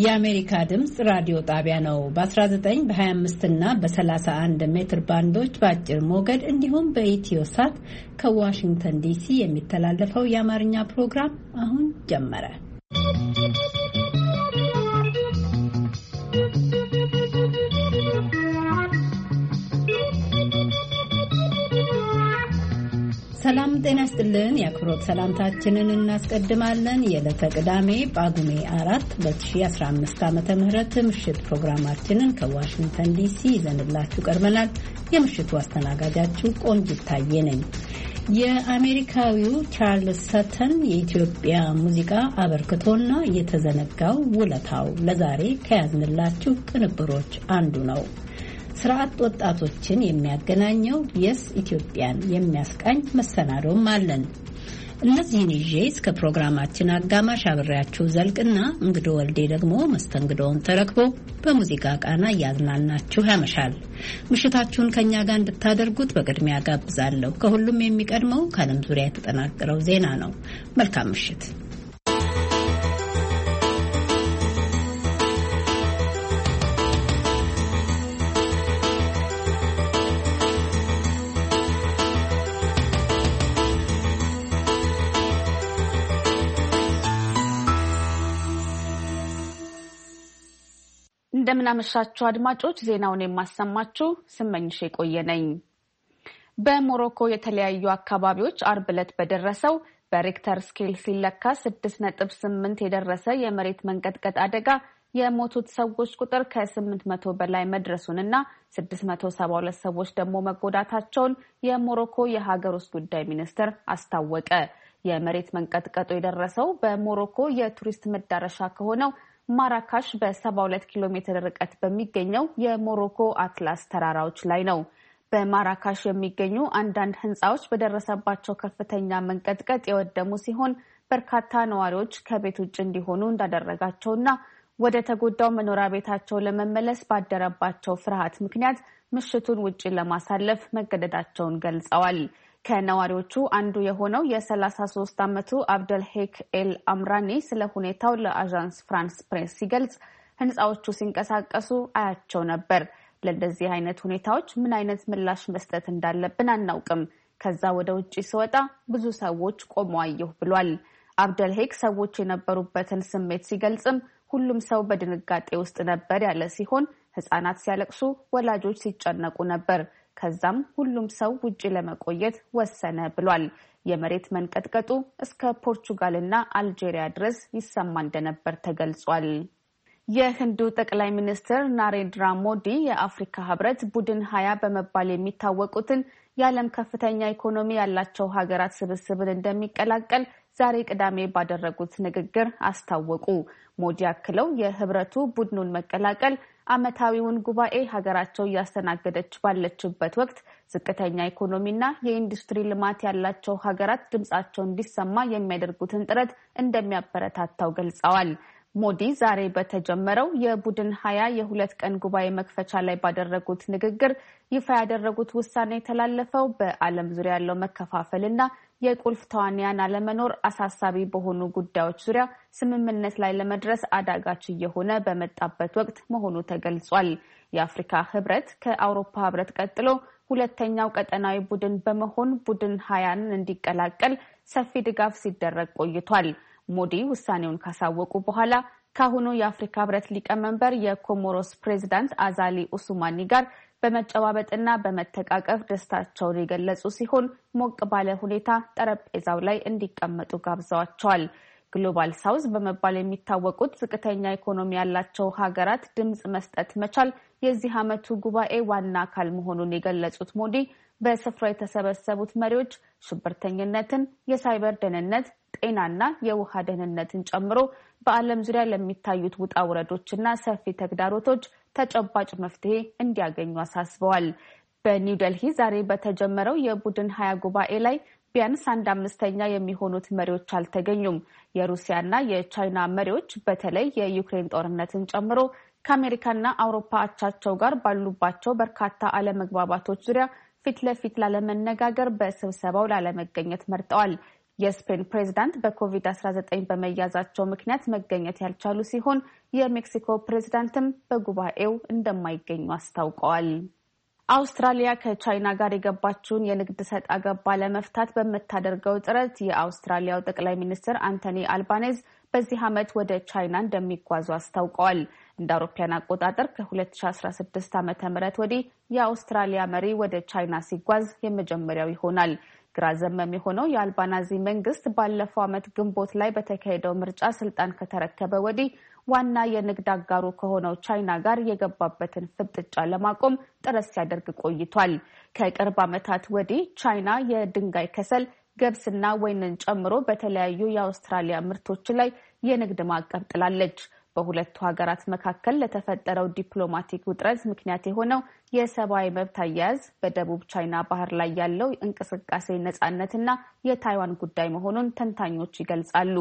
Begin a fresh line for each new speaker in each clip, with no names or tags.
የአሜሪካ ድምፅ ራዲዮ ጣቢያ ነው። በ19 በ25 እና በ31 ሜትር ባንዶች በአጭር ሞገድ እንዲሁም በኢትዮ ሳት ከዋሽንግተን ዲሲ የሚተላለፈው የአማርኛ ፕሮግራም አሁን ጀመረ። ሰላም ጤና ስጥልን። የአክብሮት ሰላምታችንን እናስቀድማለን። የዕለተ ቅዳሜ ጳጉሜ አራት 2015 ዓ ም ምሽት ፕሮግራማችንን ከዋሽንግተን ዲሲ ይዘንላችሁ ቀርበናል። የምሽቱ አስተናጋጃችሁ ቆንጅ ይታየ ነኝ። የአሜሪካዊው ቻርልስ ሰተን የኢትዮጵያ ሙዚቃ አበርክቶና የተዘነጋው ውለታው ለዛሬ ከያዝንላችሁ ቅንብሮች አንዱ ነው። ስርዓት ወጣቶችን የሚያገናኘው የስ ኢትዮጵያን የሚያስቃኝ መሰናዶም አለን። እነዚህን ይዤ እስከ ፕሮግራማችን አጋማሽ አብሬያችሁ ዘልቅና እንግዶ ወልዴ ደግሞ መስተንግዶውን ተረክቦ በሙዚቃ ቃና እያዝናናችሁ ያመሻል። ምሽታችሁን ከእኛ ጋር እንድታደርጉት በቅድሚያ ጋብዛለሁ። ከሁሉም የሚቀድመው ከዓለም ዙሪያ የተጠናቀረው ዜና ነው። መልካም ምሽት።
እንደምናመሻችሁ አድማጮች፣ ዜናውን የማሰማችሁ ስመኝሽ የቆየ ነኝ። በሞሮኮ የተለያዩ አካባቢዎች አርብ ዕለት በደረሰው በሬክተር ስኬል ሲለካ ስድስት ነጥብ ስምንት የደረሰ የመሬት መንቀጥቀጥ አደጋ የሞቱት ሰዎች ቁጥር ከስምንት መቶ በላይ መድረሱንና ስድስት መቶ ሰባ ሁለት ሰዎች ደግሞ መጎዳታቸውን የሞሮኮ የሀገር ውስጥ ጉዳይ ሚኒስትር አስታወቀ። የመሬት መንቀጥቀጡ የደረሰው በሞሮኮ የቱሪስት መዳረሻ ከሆነው ማራካሽ በ72 ኪሎ ሜትር ርቀት በሚገኘው የሞሮኮ አትላስ ተራራዎች ላይ ነው። በማራካሽ የሚገኙ አንዳንድ ህንፃዎች በደረሰባቸው ከፍተኛ መንቀጥቀጥ የወደሙ ሲሆን በርካታ ነዋሪዎች ከቤት ውጭ እንዲሆኑ እንዳደረጋቸውና ወደ ተጎዳው መኖሪያ ቤታቸው ለመመለስ ባደረባቸው ፍርሃት ምክንያት ምሽቱን ውጪ ለማሳለፍ መገደዳቸውን ገልጸዋል። ከነዋሪዎቹ አንዱ የሆነው የ33 ዓመቱ አብደልሄክ ኤል አምራኒ ስለ ሁኔታው ለአዣንስ ፍራንስ ፕሬስ ሲገልጽ ህንፃዎቹ ሲንቀሳቀሱ አያቸው ነበር። ለእንደዚህ አይነት ሁኔታዎች ምን አይነት ምላሽ መስጠት እንዳለብን አናውቅም። ከዛ ወደ ውጭ ስወጣ ብዙ ሰዎች ቆሞ አየሁ ብሏል። አብደልሄክ ሰዎች የነበሩበትን ስሜት ሲገልጽም ሁሉም ሰው በድንጋጤ ውስጥ ነበር ያለ ሲሆን ህጻናት ሲያለቅሱ፣ ወላጆች ሲጨነቁ ነበር። ከዛም ሁሉም ሰው ውጪ ለመቆየት ወሰነ ብሏል። የመሬት መንቀጥቀጡ እስከ ፖርቹጋልና አልጄሪያ ድረስ ይሰማ እንደነበር ተገልጿል። የህንዱ ጠቅላይ ሚኒስትር ናሬንድራ ሞዲ የአፍሪካ ህብረት ቡድን ሀያ በመባል የሚታወቁትን የዓለም ከፍተኛ ኢኮኖሚ ያላቸው ሀገራት ስብስብን እንደሚቀላቀል ዛሬ ቅዳሜ ባደረጉት ንግግር አስታወቁ። ሞዲ አክለው የህብረቱ ቡድኑን መቀላቀል ዓመታዊውን ጉባኤ ሀገራቸው እያስተናገደች ባለችበት ወቅት ዝቅተኛ ኢኮኖሚና የኢንዱስትሪ ልማት ያላቸው ሀገራት ድምፃቸው እንዲሰማ የሚያደርጉትን ጥረት እንደሚያበረታታው ገልጸዋል። ሞዲ ዛሬ በተጀመረው የቡድን ሀያ የሁለት ቀን ጉባኤ መክፈቻ ላይ ባደረጉት ንግግር ይፋ ያደረጉት ውሳኔ የተላለፈው በዓለም ዙሪያ ያለው መከፋፈል እና የቁልፍ ተዋንያን አለመኖር አሳሳቢ በሆኑ ጉዳዮች ዙሪያ ስምምነት ላይ ለመድረስ አዳጋች እየሆነ በመጣበት ወቅት መሆኑ ተገልጿል። የአፍሪካ ህብረት ከአውሮፓ ህብረት ቀጥሎ ሁለተኛው ቀጠናዊ ቡድን በመሆን ቡድን ሀያን እንዲቀላቀል ሰፊ ድጋፍ ሲደረግ ቆይቷል። ሞዲ ውሳኔውን ካሳወቁ በኋላ ከአሁኑ የአፍሪካ ህብረት ሊቀመንበር የኮሞሮስ ፕሬዚዳንት አዛሊ ኡሱማኒ ጋር በመጨባበጥና በመተቃቀፍ ደስታቸውን የገለጹ ሲሆን ሞቅ ባለ ሁኔታ ጠረጴዛው ላይ እንዲቀመጡ ጋብዘዋቸዋል። ግሎባል ሳውዝ በመባል የሚታወቁት ዝቅተኛ ኢኮኖሚ ያላቸው ሀገራት ድምፅ መስጠት መቻል የዚህ ዓመቱ ጉባኤ ዋና አካል መሆኑን የገለጹት ሞዲ በስፍራው የተሰበሰቡት መሪዎች ሽብርተኝነትን፣ የሳይበር ደህንነት፣ ጤናና የውሃ ደህንነትን ጨምሮ በዓለም ዙሪያ ለሚታዩት ውጣ ውረዶችና ሰፊ ተግዳሮቶች ተጨባጭ መፍትሄ እንዲያገኙ አሳስበዋል። በኒው ደልሂ ዛሬ በተጀመረው የቡድን ሀያ ጉባኤ ላይ ቢያንስ አንድ አምስተኛ የሚሆኑት መሪዎች አልተገኙም። የሩሲያና የቻይና መሪዎች በተለይ የዩክሬን ጦርነትን ጨምሮ ከአሜሪካና አውሮፓ አቻቸው ጋር ባሉባቸው በርካታ አለመግባባቶች ዙሪያ ፊት ለፊት ላለመነጋገር በስብሰባው ላለመገኘት መርጠዋል። የስፔን ፕሬዝዳንት በኮቪድ-19 በመያዛቸው ምክንያት መገኘት ያልቻሉ ሲሆን የሜክሲኮ ፕሬዝዳንትም በጉባኤው እንደማይገኙ አስታውቀዋል። አውስትራሊያ ከቻይና ጋር የገባችውን የንግድ ሰጥ አገባ ለመፍታት በምታደርገው ጥረት የአውስትራሊያው ጠቅላይ ሚኒስትር አንቶኒ አልባኔዝ በዚህ ዓመት ወደ ቻይና እንደሚጓዙ አስታውቀዋል። እንደ አውሮፓያን አቆጣጠር ከ2016 ዓ ም ወዲህ የአውስትራሊያ መሪ ወደ ቻይና ሲጓዝ የመጀመሪያው ይሆናል። ግራ ዘመም የሆነው የአልባናዚ መንግስት ባለፈው ዓመት ግንቦት ላይ በተካሄደው ምርጫ ስልጣን ከተረከበ ወዲህ ዋና የንግድ አጋሩ ከሆነው ቻይና ጋር የገባበትን ፍጥጫ ለማቆም ጥረት ሲያደርግ ቆይቷል። ከቅርብ ዓመታት ወዲህ ቻይና የድንጋይ ከሰል፣ ገብስና ወይንን ጨምሮ በተለያዩ የአውስትራሊያ ምርቶች ላይ የንግድ ማዕቀብ ጥላለች። በሁለቱ ሀገራት መካከል ለተፈጠረው ዲፕሎማቲክ ውጥረት ምክንያት የሆነው የሰብአዊ መብት አያያዝ በደቡብ ቻይና ባህር ላይ ያለው እንቅስቃሴ ነጻነትና የታይዋን ጉዳይ መሆኑን ተንታኞች ይገልጻሉ።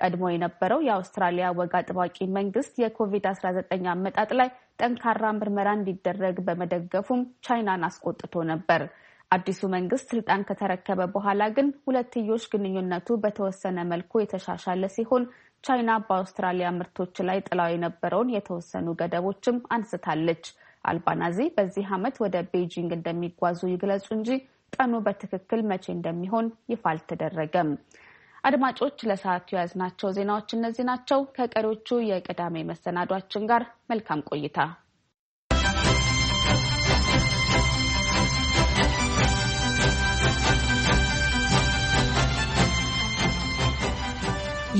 ቀድሞ የነበረው የአውስትራሊያ ወግ አጥባቂ መንግስት የኮቪድ-19 አመጣጥ ላይ ጠንካራ ምርመራ እንዲደረግ በመደገፉም ቻይናን አስቆጥቶ ነበር። አዲሱ መንግስት ስልጣን ከተረከበ በኋላ ግን ሁለትዮሽ ግንኙነቱ በተወሰነ መልኩ የተሻሻለ ሲሆን ቻይና በአውስትራሊያ ምርቶች ላይ ጥላው የነበረውን የተወሰኑ ገደቦችም አንስታለች። አልባናዚ በዚህ ዓመት ወደ ቤጂንግ እንደሚጓዙ ይግለጹ እንጂ ቀኑ በትክክል መቼ እንደሚሆን ይፋ አልተደረገም። አድማጮች ለሰዓቱ የያዝናቸው ዜናዎች እነዚህ ናቸው። ከቀሪዎቹ የቅዳሜ መሰናዷችን ጋር መልካም ቆይታ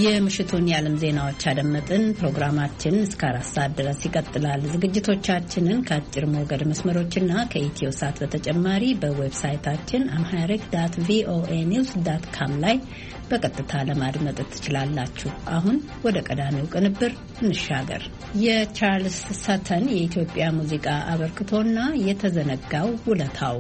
የምሽቱን የዓለም ዜናዎች አደመጥን። ፕሮግራማችን እስከ አራት ሰዓት ድረስ ይቀጥላል። ዝግጅቶቻችንን ከአጭር ሞገድ መስመሮችና ከኢትዮ ሳት በተጨማሪ በዌብሳይታችን አምሃሪክ ዳት ቪኦኤ ኒውስ ዳት ካም ላይ በቀጥታ ለማድመጥ ትችላላችሁ። አሁን ወደ ቀዳሚው ቅንብር እንሻገር። የቻርልስ ሰተን የኢትዮጵያ ሙዚቃ አበርክቶና የተዘነጋው ውለታው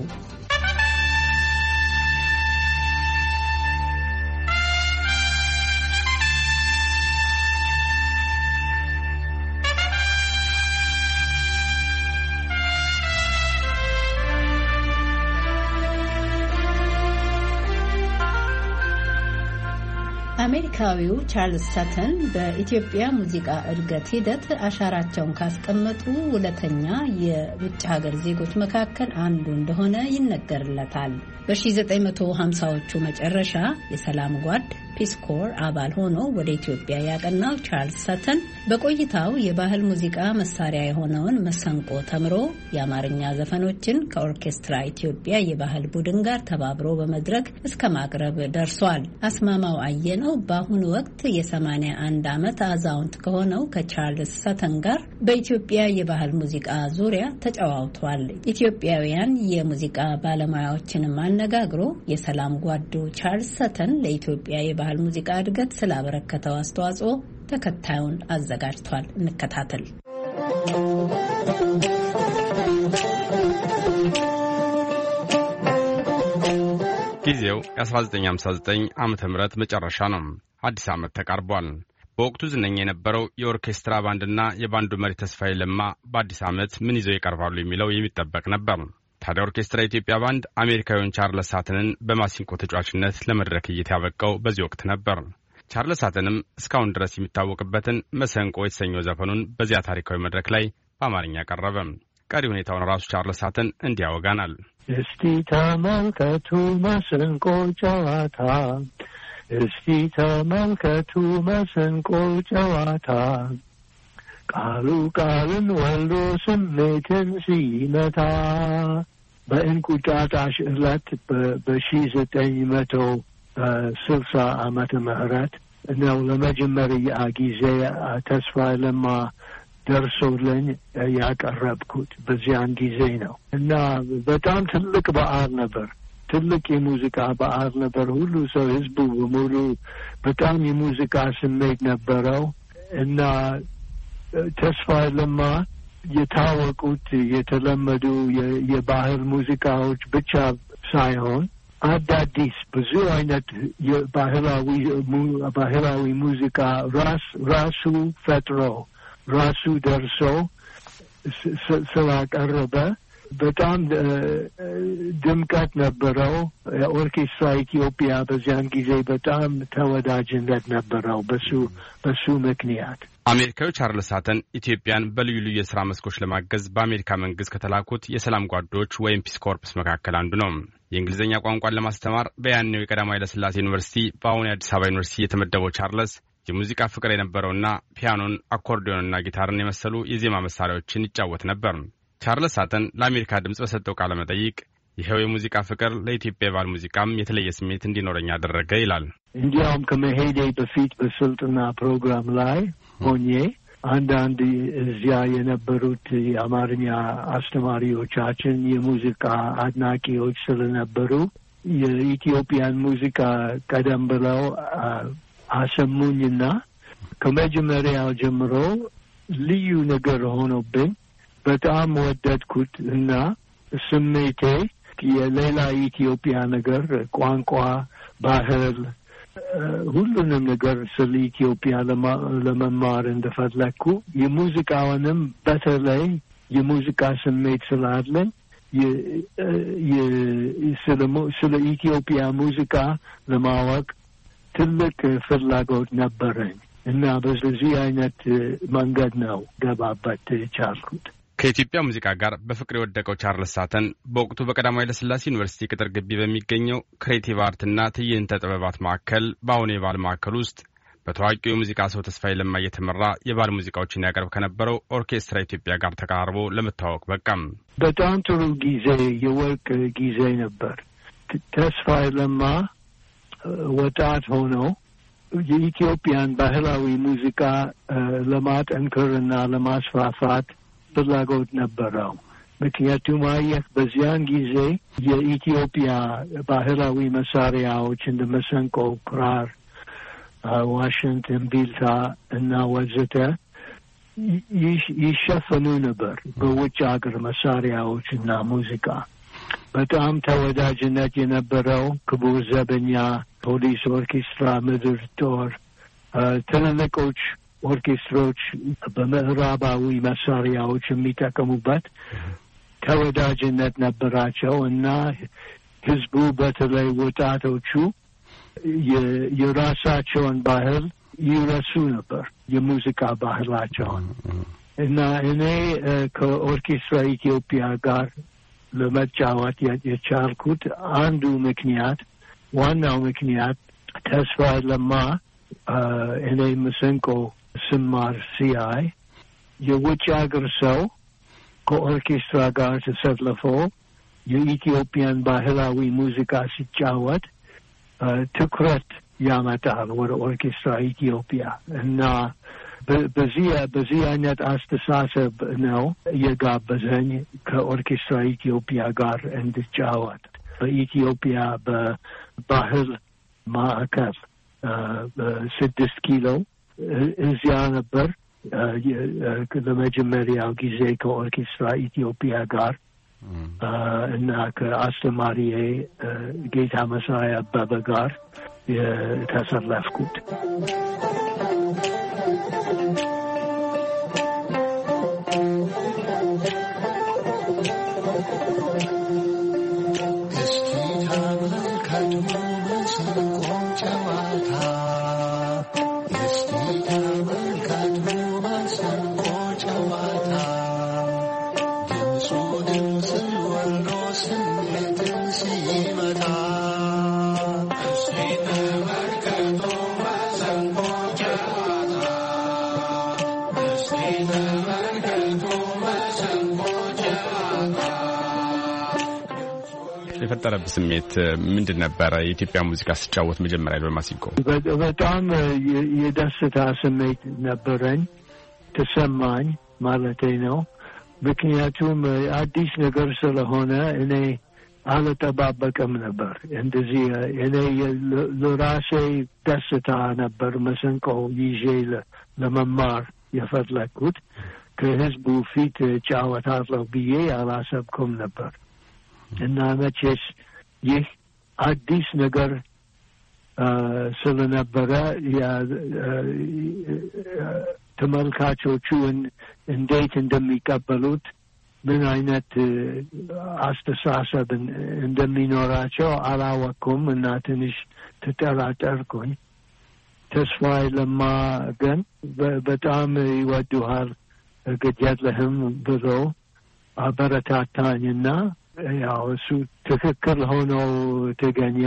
አሜሪካዊው ቻርልስ ሰተን በኢትዮጵያ ሙዚቃ እድገት ሂደት አሻራቸውን ካስቀመጡ ሁለተኛ የውጭ ሀገር ዜጎች መካከል አንዱ እንደሆነ ይነገርለታል። በ1950ዎቹ መጨረሻ የሰላም ጓድ ፒስ ኮር አባል ሆኖ ወደ ኢትዮጵያ ያቀናው ቻርልስ ሰተን በቆይታው የባህል ሙዚቃ መሳሪያ የሆነውን መሰንቆ ተምሮ የአማርኛ ዘፈኖችን ከኦርኬስትራ ኢትዮጵያ የባህል ቡድን ጋር ተባብሮ በመድረክ እስከ ማቅረብ ደርሷል። አስማማው አየነው በአሁኑ ወቅት የ81 ዓመት አዛውንት ከሆነው ከቻርልስ ሰተን ጋር በኢትዮጵያ የባህል ሙዚቃ ዙሪያ ተጨዋውቷል። ኢትዮጵያውያን የሙዚቃ ባለሙያዎችንም አነጋግሮ የሰላም ጓዱ ቻርልስ ሰተን ለኢትዮጵያ የባህል የባህል ሙዚቃ እድገት ስላበረከተው አስተዋጽኦ ተከታዩን አዘጋጅቷል። እንከታተል።
ጊዜው የ1959 ዓ ም መጨረሻ ነው። አዲስ ዓመት ተቃርቧል። በወቅቱ ዝነኛ የነበረው የኦርኬስትራ ባንድና የባንዱ መሪ ተስፋዬ ለማ በአዲስ ዓመት ምን ይዘው ይቀርባሉ የሚለው የሚጠበቅ ነበር። ታዲያ ኦርኬስትራ የኢትዮጵያ ባንድ አሜሪካዊውን ቻርለስ ሳትንን በማሲንቆ ተጫዋችነት ለመድረክ እይት ያበቃው በዚህ ወቅት ነበር። ቻርለስ ሳትንም እስካሁን ድረስ የሚታወቅበትን መሰንቆ የተሰኘው ዘፈኑን በዚያ ታሪካዊ መድረክ ላይ በአማርኛ ቀረበ። ቀሪ ሁኔታውን ራሱ ቻርለስ ሳትን እንዲያወጋናል።
ያወጋናል። እስቲ ተመልከቱ መሰንቆ ጨዋታ፣ እስቲ ተመልከቱ መሰንቆ ጨዋታ ቃሉ ቃልን ወልዶ ስሜትን ሲመታ በእንቁጣጣሽ እለት በሺ ዘጠኝ መቶ ስልሳ ዓመተ ምህረት ነው ለመጀመሪያ ጊዜ ተስፋ ለማ ደርሶልኝ ያቀረብኩት በዚያን ጊዜ ነው እና በጣም ትልቅ በዓል ነበር። ትልቅ የሙዚቃ በዓል ነበር። ሁሉ ሰው ህዝቡ በሙሉ በጣም የሙዚቃ ስሜት ነበረው እና ተስፋ ለማ የታወቁት የተለመዱ የባህል ሙዚቃዎች ብቻ ሳይሆን
አዳዲስ
ብዙ አይነት የባህላዊ ባህላዊ ሙዚቃ ራስ ራሱ ፈጥሮ ራሱ ደርሶ ስላቀረበ በጣም ድምቀት ነበረው። ኦርኬስትራ ኢትዮጵያ በዚያን ጊዜ በጣም ተወዳጅነት ነበረው በሱ በሱ ምክንያት።
አሜሪካዊ ቻርልስ ሳተን ኢትዮጵያን በልዩ ልዩ የስራ መስኮች ለማገዝ በአሜሪካ መንግስት ከተላኩት የሰላም ጓዶች ወይም ፒስ ኮርፕስ መካከል አንዱ ነው። የእንግሊዝኛ ቋንቋን ለማስተማር በያኔው የቀዳማዊ ኃይለስላሴ ዩኒቨርሲቲ በአሁኑ የአዲስ አበባ ዩኒቨርሲቲ የተመደበው ቻርለስ የሙዚቃ ፍቅር የነበረውና ፒያኖን፣ አኮርዲዮንና ጊታርን የመሰሉ የዜማ መሳሪያዎችን ይጫወት ነበር። ቻርለስ ሳተን ለአሜሪካ ድምፅ በሰጠው ቃለ መጠይቅ ይኸው የሙዚቃ ፍቅር ለኢትዮጵያ የባህል ሙዚቃም የተለየ ስሜት እንዲኖረኝ አደረገ ይላል።
እንዲያውም ከመሄዴ በፊት በስልጥና ፕሮግራም ላይ ሆኜ አንዳንድ እዚያ የነበሩት የአማርኛ አስተማሪዎቻችን የሙዚቃ አድናቂዎች ስለነበሩ የኢትዮጵያን ሙዚቃ ቀደም ብለው አሰሙኝና ከመጀመሪያው ጀምሮ ልዩ ነገር ሆኖብኝ በጣም ወደድኩት እና ስሜቴ የሌላ ኢትዮጵያ ነገር ቋንቋ፣ ባህል፣ ሁሉንም ነገር ስለ ኢትዮጵያ ለመማር እንደፈለግኩ የሙዚቃውንም በተለይ የሙዚቃ ስሜት ስላለኝ ስለ ኢትዮጵያ ሙዚቃ ለማወቅ ትልቅ ፍላጎት ነበረኝ እና በዚህ አይነት መንገድ ነው ገባበት ቻልኩት።
ከኢትዮጵያ ሙዚቃ ጋር በፍቅር የወደቀው ቻርልስ ሳተን በወቅቱ በቀዳማዊ ኃይለሥላሴ ዩኒቨርሲቲ ቅጥር ግቢ በሚገኘው ክሬቲቭ አርትና ትዕይንተ ጥበባት ማዕከል በአሁኑ የባህል ማዕከል ውስጥ በታዋቂው የሙዚቃ ሰው ተስፋዬ ለማ እየተመራ የባህል ሙዚቃዎችን ያቀርብ ከነበረው ኦርኬስትራ ኢትዮጵያ ጋር ተቀራርቦ ለመታወቅ በቃም።
በጣም ጥሩ ጊዜ፣ የወርቅ ጊዜ ነበር። ተስፋዬ ለማ ወጣት ሆነው የኢትዮጵያን ባህላዊ ሙዚቃ ለማጠንከርና ለማስፋፋት ፍላጎት ነበረው። ምክንያቱም አየህ በዚያን ጊዜ የኢትዮጵያ ባህላዊ መሳሪያዎች እንደ መሰንቆ፣ ክራር፣ ዋሽንት፣ እምቢልታ እና ወዘተ ይሸፈኑ ነበር በውጭ ሀገር መሳሪያዎች እና ሙዚቃ። በጣም ተወዳጅነት የነበረው ክቡር ዘበኛ፣ ፖሊስ ኦርኬስትራ፣ ምድር ጦር ትልልቆች ኦርኬስትሮች በምዕራባዊ መሳሪያዎች የሚጠቀሙበት ተወዳጅነት ነበራቸው እና ህዝቡ በተለይ ወጣቶቹ የራሳቸውን ባህል ይረሱ ነበር፣ የሙዚቃ ባህላቸውን እና እኔ ከኦርኬስትራ ኢትዮጵያ ጋር ለመጫወት የቻልኩት አንዱ ምክንያት ዋናው ምክንያት ተስፋ ለማ እኔ መሰንቆ ስማር ሲያይ የውጭ ሀገር ሰው ከኦርኬስትራ ጋር ተሰልፎ የኢትዮጵያን ባህላዊ ሙዚቃ ሲጫወት ትኩረት ያመጣል ወደ ኦርኬስትራ ኢትዮጵያ እና በዚህ በዚህ አይነት አስተሳሰብ ነው የጋበዘኝ ከኦርኬስትራ ኢትዮጵያ ጋር እንድጫወት በኢትዮጵያ በባህል ማዕከል ስድስት ኪሎ እዚያ ነበር ለመጀመሪያው ጊዜ ከኦርኬስትራ ኢትዮጵያ ጋር እና ከአስተማሪ ጌታ መሳያ አበበ ጋር የተሰለፍኩት።
የፈጠረብህ ስሜት ምንድን ነበረ? የኢትዮጵያ ሙዚቃ ስጫወት መጀመሪያ በማሲንቆ
በጣም የደስታ ስሜት ነበረኝ ተሰማኝ ማለቴ ነው። ምክንያቱም አዲስ ነገር ስለሆነ እኔ አልጠባበቅም ነበር። እንደዚህ እኔ ለራሴ ደስታ ነበር መሰንቆ ይዤ ለመማር የፈለግኩት። ከህዝቡ ፊት ጫወታለሁ ብዬ አላሰብኩም ነበር። እና መቼስ ይህ አዲስ ነገር ስለነበረ ተመልካቾቹን እንዴት እንደሚቀበሉት ምን አይነት አስተሳሰብ እንደሚኖራቸው አላወቅኩም እና ትንሽ ተጠራጠርኩኝ። ተስፋዬ ለማ ግን በጣም ይወዱሃል ግድ የለህም ብሎ አበረታታኝና ያው እሱ ትክክል ሆነው ተገኘ።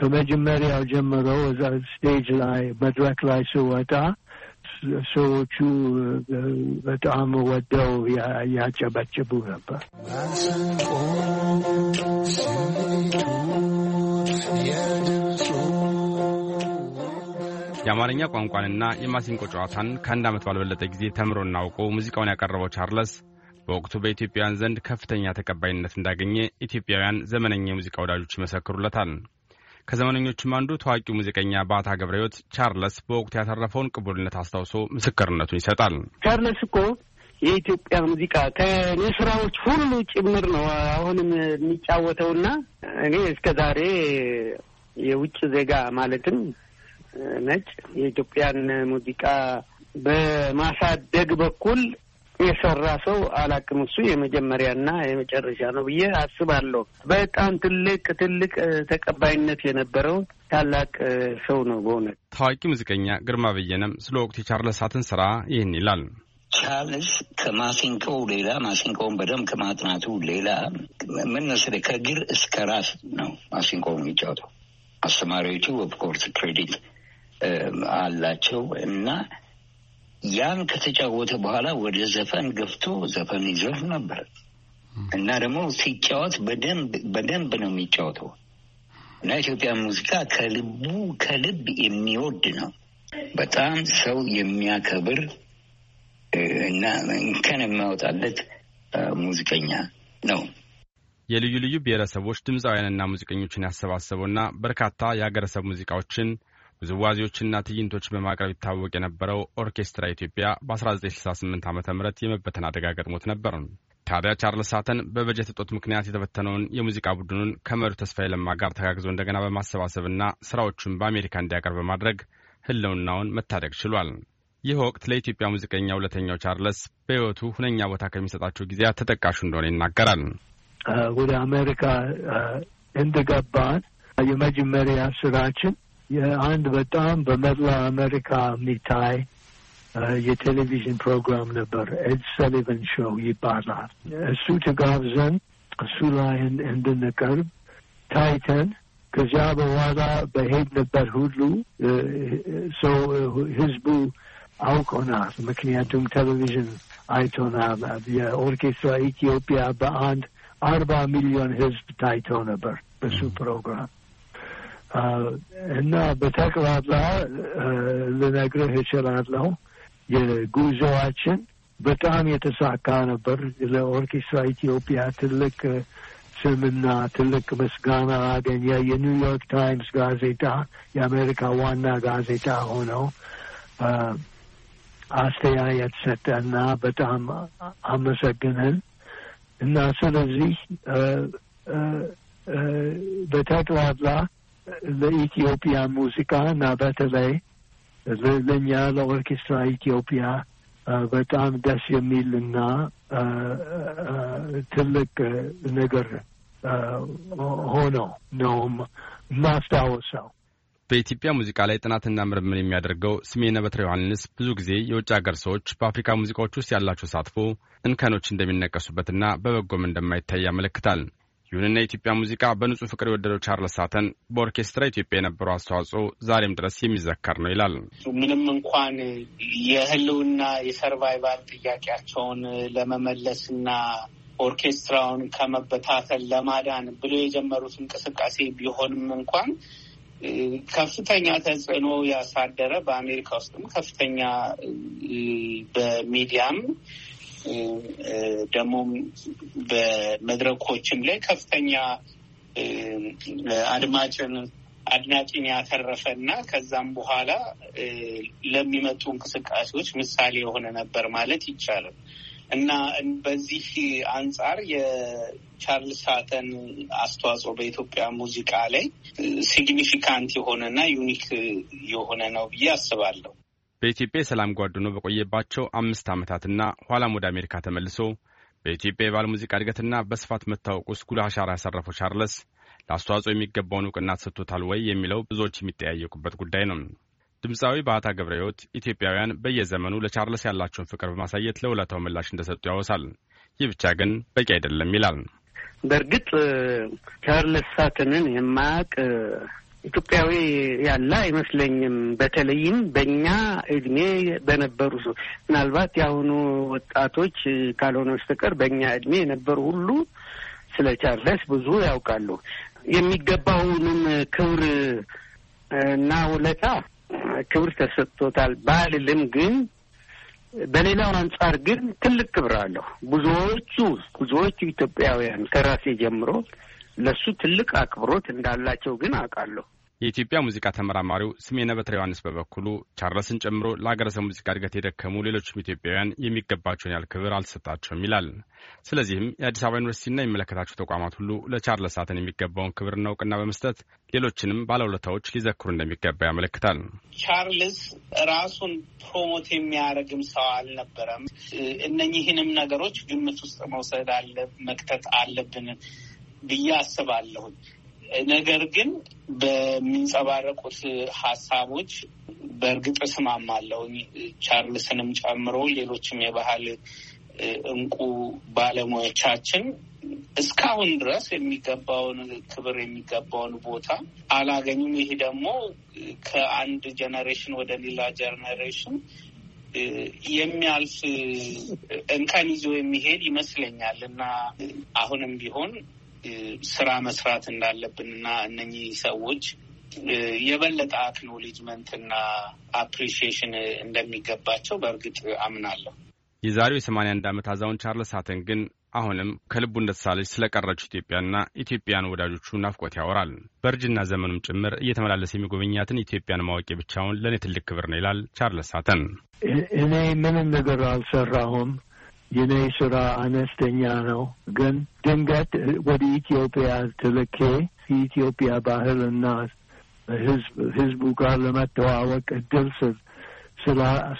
ከመጀመሪያው ጀምሮ እዛ ስቴጅ ላይ መድረክ ላይ ስወጣ ሰዎቹ በጣም ወደው ያጨበጭቡ ነበር።
የአማርኛ ቋንቋንና የማሲንቆ ጨዋታን ከአንድ ዓመት ባልበለጠ ጊዜ ተምሮና አውቆ ሙዚቃውን ያቀረበው ቻርለስ በወቅቱ በኢትዮጵያውያን ዘንድ ከፍተኛ ተቀባይነት እንዳገኘ ኢትዮጵያውያን ዘመነኛ የሙዚቃ ወዳጆች ይመሰክሩለታል። ከዘመነኞቹም አንዱ ታዋቂው ሙዚቀኛ ባታ ገብረህይወት ቻርለስ በወቅቱ ያተረፈውን ቅቡልነት አስታውሶ ምስክርነቱን ይሰጣል።
ቻርለስ እኮ የኢትዮጵያ ሙዚቃ ከእኔ ስራዎች ሁሉ ጭምር ነው አሁንም የሚጫወተውና እኔ እስከ ዛሬ የውጭ ዜጋ ማለትም ነጭ የኢትዮጵያን ሙዚቃ በማሳደግ በኩል የሰራ ሰው አላቅም። እሱ የመጀመሪያና የመጨረሻ ነው ብዬ አስባለሁ። በጣም ትልቅ ትልቅ ተቀባይነት የነበረው ታላቅ
ሰው ነው በእውነት። ታዋቂ ሙዚቀኛ ግርማ በየነም ስለ ወቅቱ የቻርለስ ሳትን ስራ ይህን ይላል። ቻርልስ
ከማሲንቆው ሌላ ማሲንቆውን በደንብ ከማጥናቱ ሌላ ምን መሰለህ ከእግር እስከ ራስ ነው ማሲንቆ የሚጫወተው። አስተማሪዎቹ ኦፍኮርስ ክሬዲት አላቸው እና ያን ከተጫወተ በኋላ ወደ ዘፈን ገብቶ ዘፈን ይዘፍ ነበር እና ደግሞ ሲጫወት በደንብ ነው የሚጫወተው እና ኢትዮጵያ ሙዚቃ ከልቡ ከልብ የሚወድ ነው። በጣም ሰው የሚያከብር እና እንከን የሚያወጣለት ሙዚቀኛ ነው።
የልዩ ልዩ ብሔረሰቦች ድምፃውያንና ሙዚቀኞችን ያሰባሰበውና በርካታ የሀገረሰብ ሙዚቃዎችን ውዝዋዜዎችና ትዕይንቶች በማቅረብ ይታወቅ የነበረው ኦርኬስትራ ኢትዮጵያ በ1968 ዓ ም የመበተን አደጋ ገጥሞት ነበር። ታዲያ ቻርልስ ሳተን በበጀት እጦት ምክንያት የተበተነውን የሙዚቃ ቡድኑን ከመሪው ተስፋዬ ለማ ጋር ተጋግዞ እንደገና በማሰባሰብና ስራዎቹን በአሜሪካ እንዲያቀርብ በማድረግ ህልውናውን መታደግ ችሏል። ይህ ወቅት ለኢትዮጵያ ሙዚቀኛ ሁለተኛው ቻርለስ በሕይወቱ ሁነኛ ቦታ ከሚሰጣቸው ጊዜያት ተጠቃሹ እንደሆነ ይናገራል።
ወደ አሜሪካ እንደገባን የመጀመሪያ ስራችን አንድ በጣም በመላ አሜሪካ የሚታይ የቴሌቪዥን ፕሮግራም ነበር። ኤድ ሰሊቨን ሾው ይባላል። እሱ ተጋብዘን እሱ ላይ እንድንቀርብ ታይተን ከዚያ በኋላ በሄድንበት ሁሉ ሰው ህዝቡ አውቆናል። ምክንያቱም ቴሌቪዥን አይቶናል። የኦርኬስትራ ኢትዮጵያ በአንድ አርባ ሚሊዮን ህዝብ ታይቶ ነበር በሱ ፕሮግራም እና በተቅባላ ልነግርህ እችላለሁ የጉዞዋችን በጣም የተሳካ ነበር። ለኦርኬስትራ ኢትዮጵያ ትልቅ ስምና ትልቅ ምስጋና አገኘ። የኒውዮርክ ታይምስ ጋዜጣ የአሜሪካ ዋና ጋዜጣ ሆነው አስተያየት ሰጠና በጣም አመሰግንን እና ስለዚህ በተቅባላ። ለኢትዮጵያ ሙዚቃ እና በተለይ ለእኛ ለኦርኬስትራ ኢትዮጵያ በጣም ደስ የሚል እና ትልቅ ነገር ሆኖ ነው ማስታወሰው።
በኢትዮጵያ ሙዚቃ ላይ ጥናትና ምርምር የሚያደርገው ስሜነ በትረ ዮሐንስ ብዙ ጊዜ የውጭ ሀገር ሰዎች በአፍሪካ ሙዚቃዎች ውስጥ ያላቸው ተሳትፎ እንከኖች እንደሚነቀሱበትና በበጎም እንደማይታይ ያመለክታል። ይሁንና የኢትዮጵያ ሙዚቃ በንጹህ ፍቅር የወደደው ቻርልስ ሳተን በኦርኬስትራ ኢትዮጵያ የነበረው አስተዋጽኦ ዛሬም ድረስ የሚዘከር ነው ይላል።
ምንም እንኳን የህልውና የሰርቫይቫል ጥያቄያቸውን ለመመለስና ኦርኬስትራውን ከመበታተል ለማዳን ብሎ የጀመሩት እንቅስቃሴ ቢሆንም እንኳን ከፍተኛ ተጽዕኖ ያሳደረ በአሜሪካ ውስጥም ከፍተኛ በሚዲያም ደግሞ በመድረኮችም ላይ ከፍተኛ አድማጭን አድናቂን ያተረፈ እና ከዛም በኋላ ለሚመጡ እንቅስቃሴዎች ምሳሌ የሆነ ነበር ማለት ይቻላል እና በዚህ አንጻር የቻርልስ ሳተን አስተዋጽኦ በኢትዮጵያ ሙዚቃ ላይ ሲግኒፊካንት የሆነ እና ዩኒክ የሆነ ነው ብዬ አስባለሁ።
በኢትዮጵያ የሰላም ጓድ ሆኖ በቆየባቸው አምስት ዓመታትና ኋላም ወደ አሜሪካ ተመልሶ በኢትዮጵያ የባህል ሙዚቃ እድገትና በስፋት መታወቁ ውስጥ ጉልህ አሻራ ያሰረፈው ቻርለስ ለአስተዋጽኦ የሚገባውን እውቅና ተሰጥቶታል ወይ የሚለው ብዙዎች የሚጠያየቁበት ጉዳይ ነው። ድምፃዊ ባህታ ገብረ ሕይወት ኢትዮጵያውያን በየዘመኑ ለቻርለስ ያላቸውን ፍቅር በማሳየት ለውለታው ምላሽ እንደሰጡ ያወሳል። ይህ ብቻ ግን በቂ አይደለም ይላል።
በእርግጥ ቻርለስ ሳትንን የማያውቅ ኢትዮጵያዊ ያለ አይመስለኝም። በተለይም በእኛ እድሜ በነበሩ ምናልባት የአሁኑ ወጣቶች ካልሆነ በስተቀር በእኛ እድሜ የነበሩ ሁሉ ስለ ቻርለስ ብዙ ያውቃሉ። የሚገባውንም ክብር እና ውለታ ክብር ተሰጥቶታል ባልልም ግን በሌላው አንጻር ግን ትልቅ ክብር አለሁ። ብዙዎቹ ብዙዎቹ ኢትዮጵያውያን ከራሴ ጀምሮ ለሱ ትልቅ አክብሮት እንዳላቸው ግን አውቃለሁ።
የኢትዮጵያ ሙዚቃ ተመራማሪው ስሜነ በትረ ዮሐንስ በበኩሉ ቻርለስን ጨምሮ ለሀገረሰብ ሙዚቃ እድገት የደከሙ ሌሎችም ኢትዮጵያውያን የሚገባቸውን ያህል ክብር አልተሰጣቸውም ይላል። ስለዚህም የአዲስ አበባ ዩኒቨርሲቲና የሚመለከታቸው ተቋማት ሁሉ ለቻርለስ ሳትን የሚገባውን ክብርና እውቅና በመስጠት ሌሎችንም ባለውለታዎች ሊዘክሩ እንደሚገባ ያመለክታል።
ቻርልስ ራሱን ፕሮሞት የሚያደርግም ሰው አልነበረም። እነኚህንም ነገሮች ግምት ውስጥ መውሰድ አለ መክተት አለብን ብዬ አስባለሁኝ። ነገር ግን በሚንጸባረቁት ሀሳቦች በእርግጥ እስማማለሁኝ። ቻርልስንም ጨምሮ ሌሎችም የባህል እንቁ ባለሙያዎቻችን እስካሁን ድረስ የሚገባውን ክብር የሚገባውን ቦታ አላገኙም። ይሄ ደግሞ ከአንድ ጀነሬሽን ወደ ሌላ ጀነሬሽን የሚያልፍ እንከን ይዞ የሚሄድ ይመስለኛል እና አሁንም ቢሆን ስራ መስራት እንዳለብን እና እነኚህ ሰዎች የበለጠ አክኖሌጅመንት እና አፕሪሺዬሽን እንደሚገባቸው በእርግጥ አምናለሁ።
የዛሬው የሰማንያ አንድ ዓመት አዛውንት ቻርለስ ሳተን ግን አሁንም ከልቡ እንደተሳለች ስለ ቀረችው ኢትዮጵያና ኢትዮጵያን ወዳጆቹ ናፍቆት ያወራል። በእርጅና ዘመኑም ጭምር እየተመላለሰ የሚጎበኛትን ኢትዮጵያን ማወቂ ብቻውን ለእኔ ትልቅ ክብር ነው ይላል ቻርለስ ሳተን።
እኔ ምንም ነገር አልሰራሁም የኔ ስራ አነስተኛ ነው። ግን ድንገት ወደ ኢትዮጵያ ትልኬ የኢትዮጵያ ባህልና ህዝብ ህዝቡ ጋር ለመተዋወቅ እድል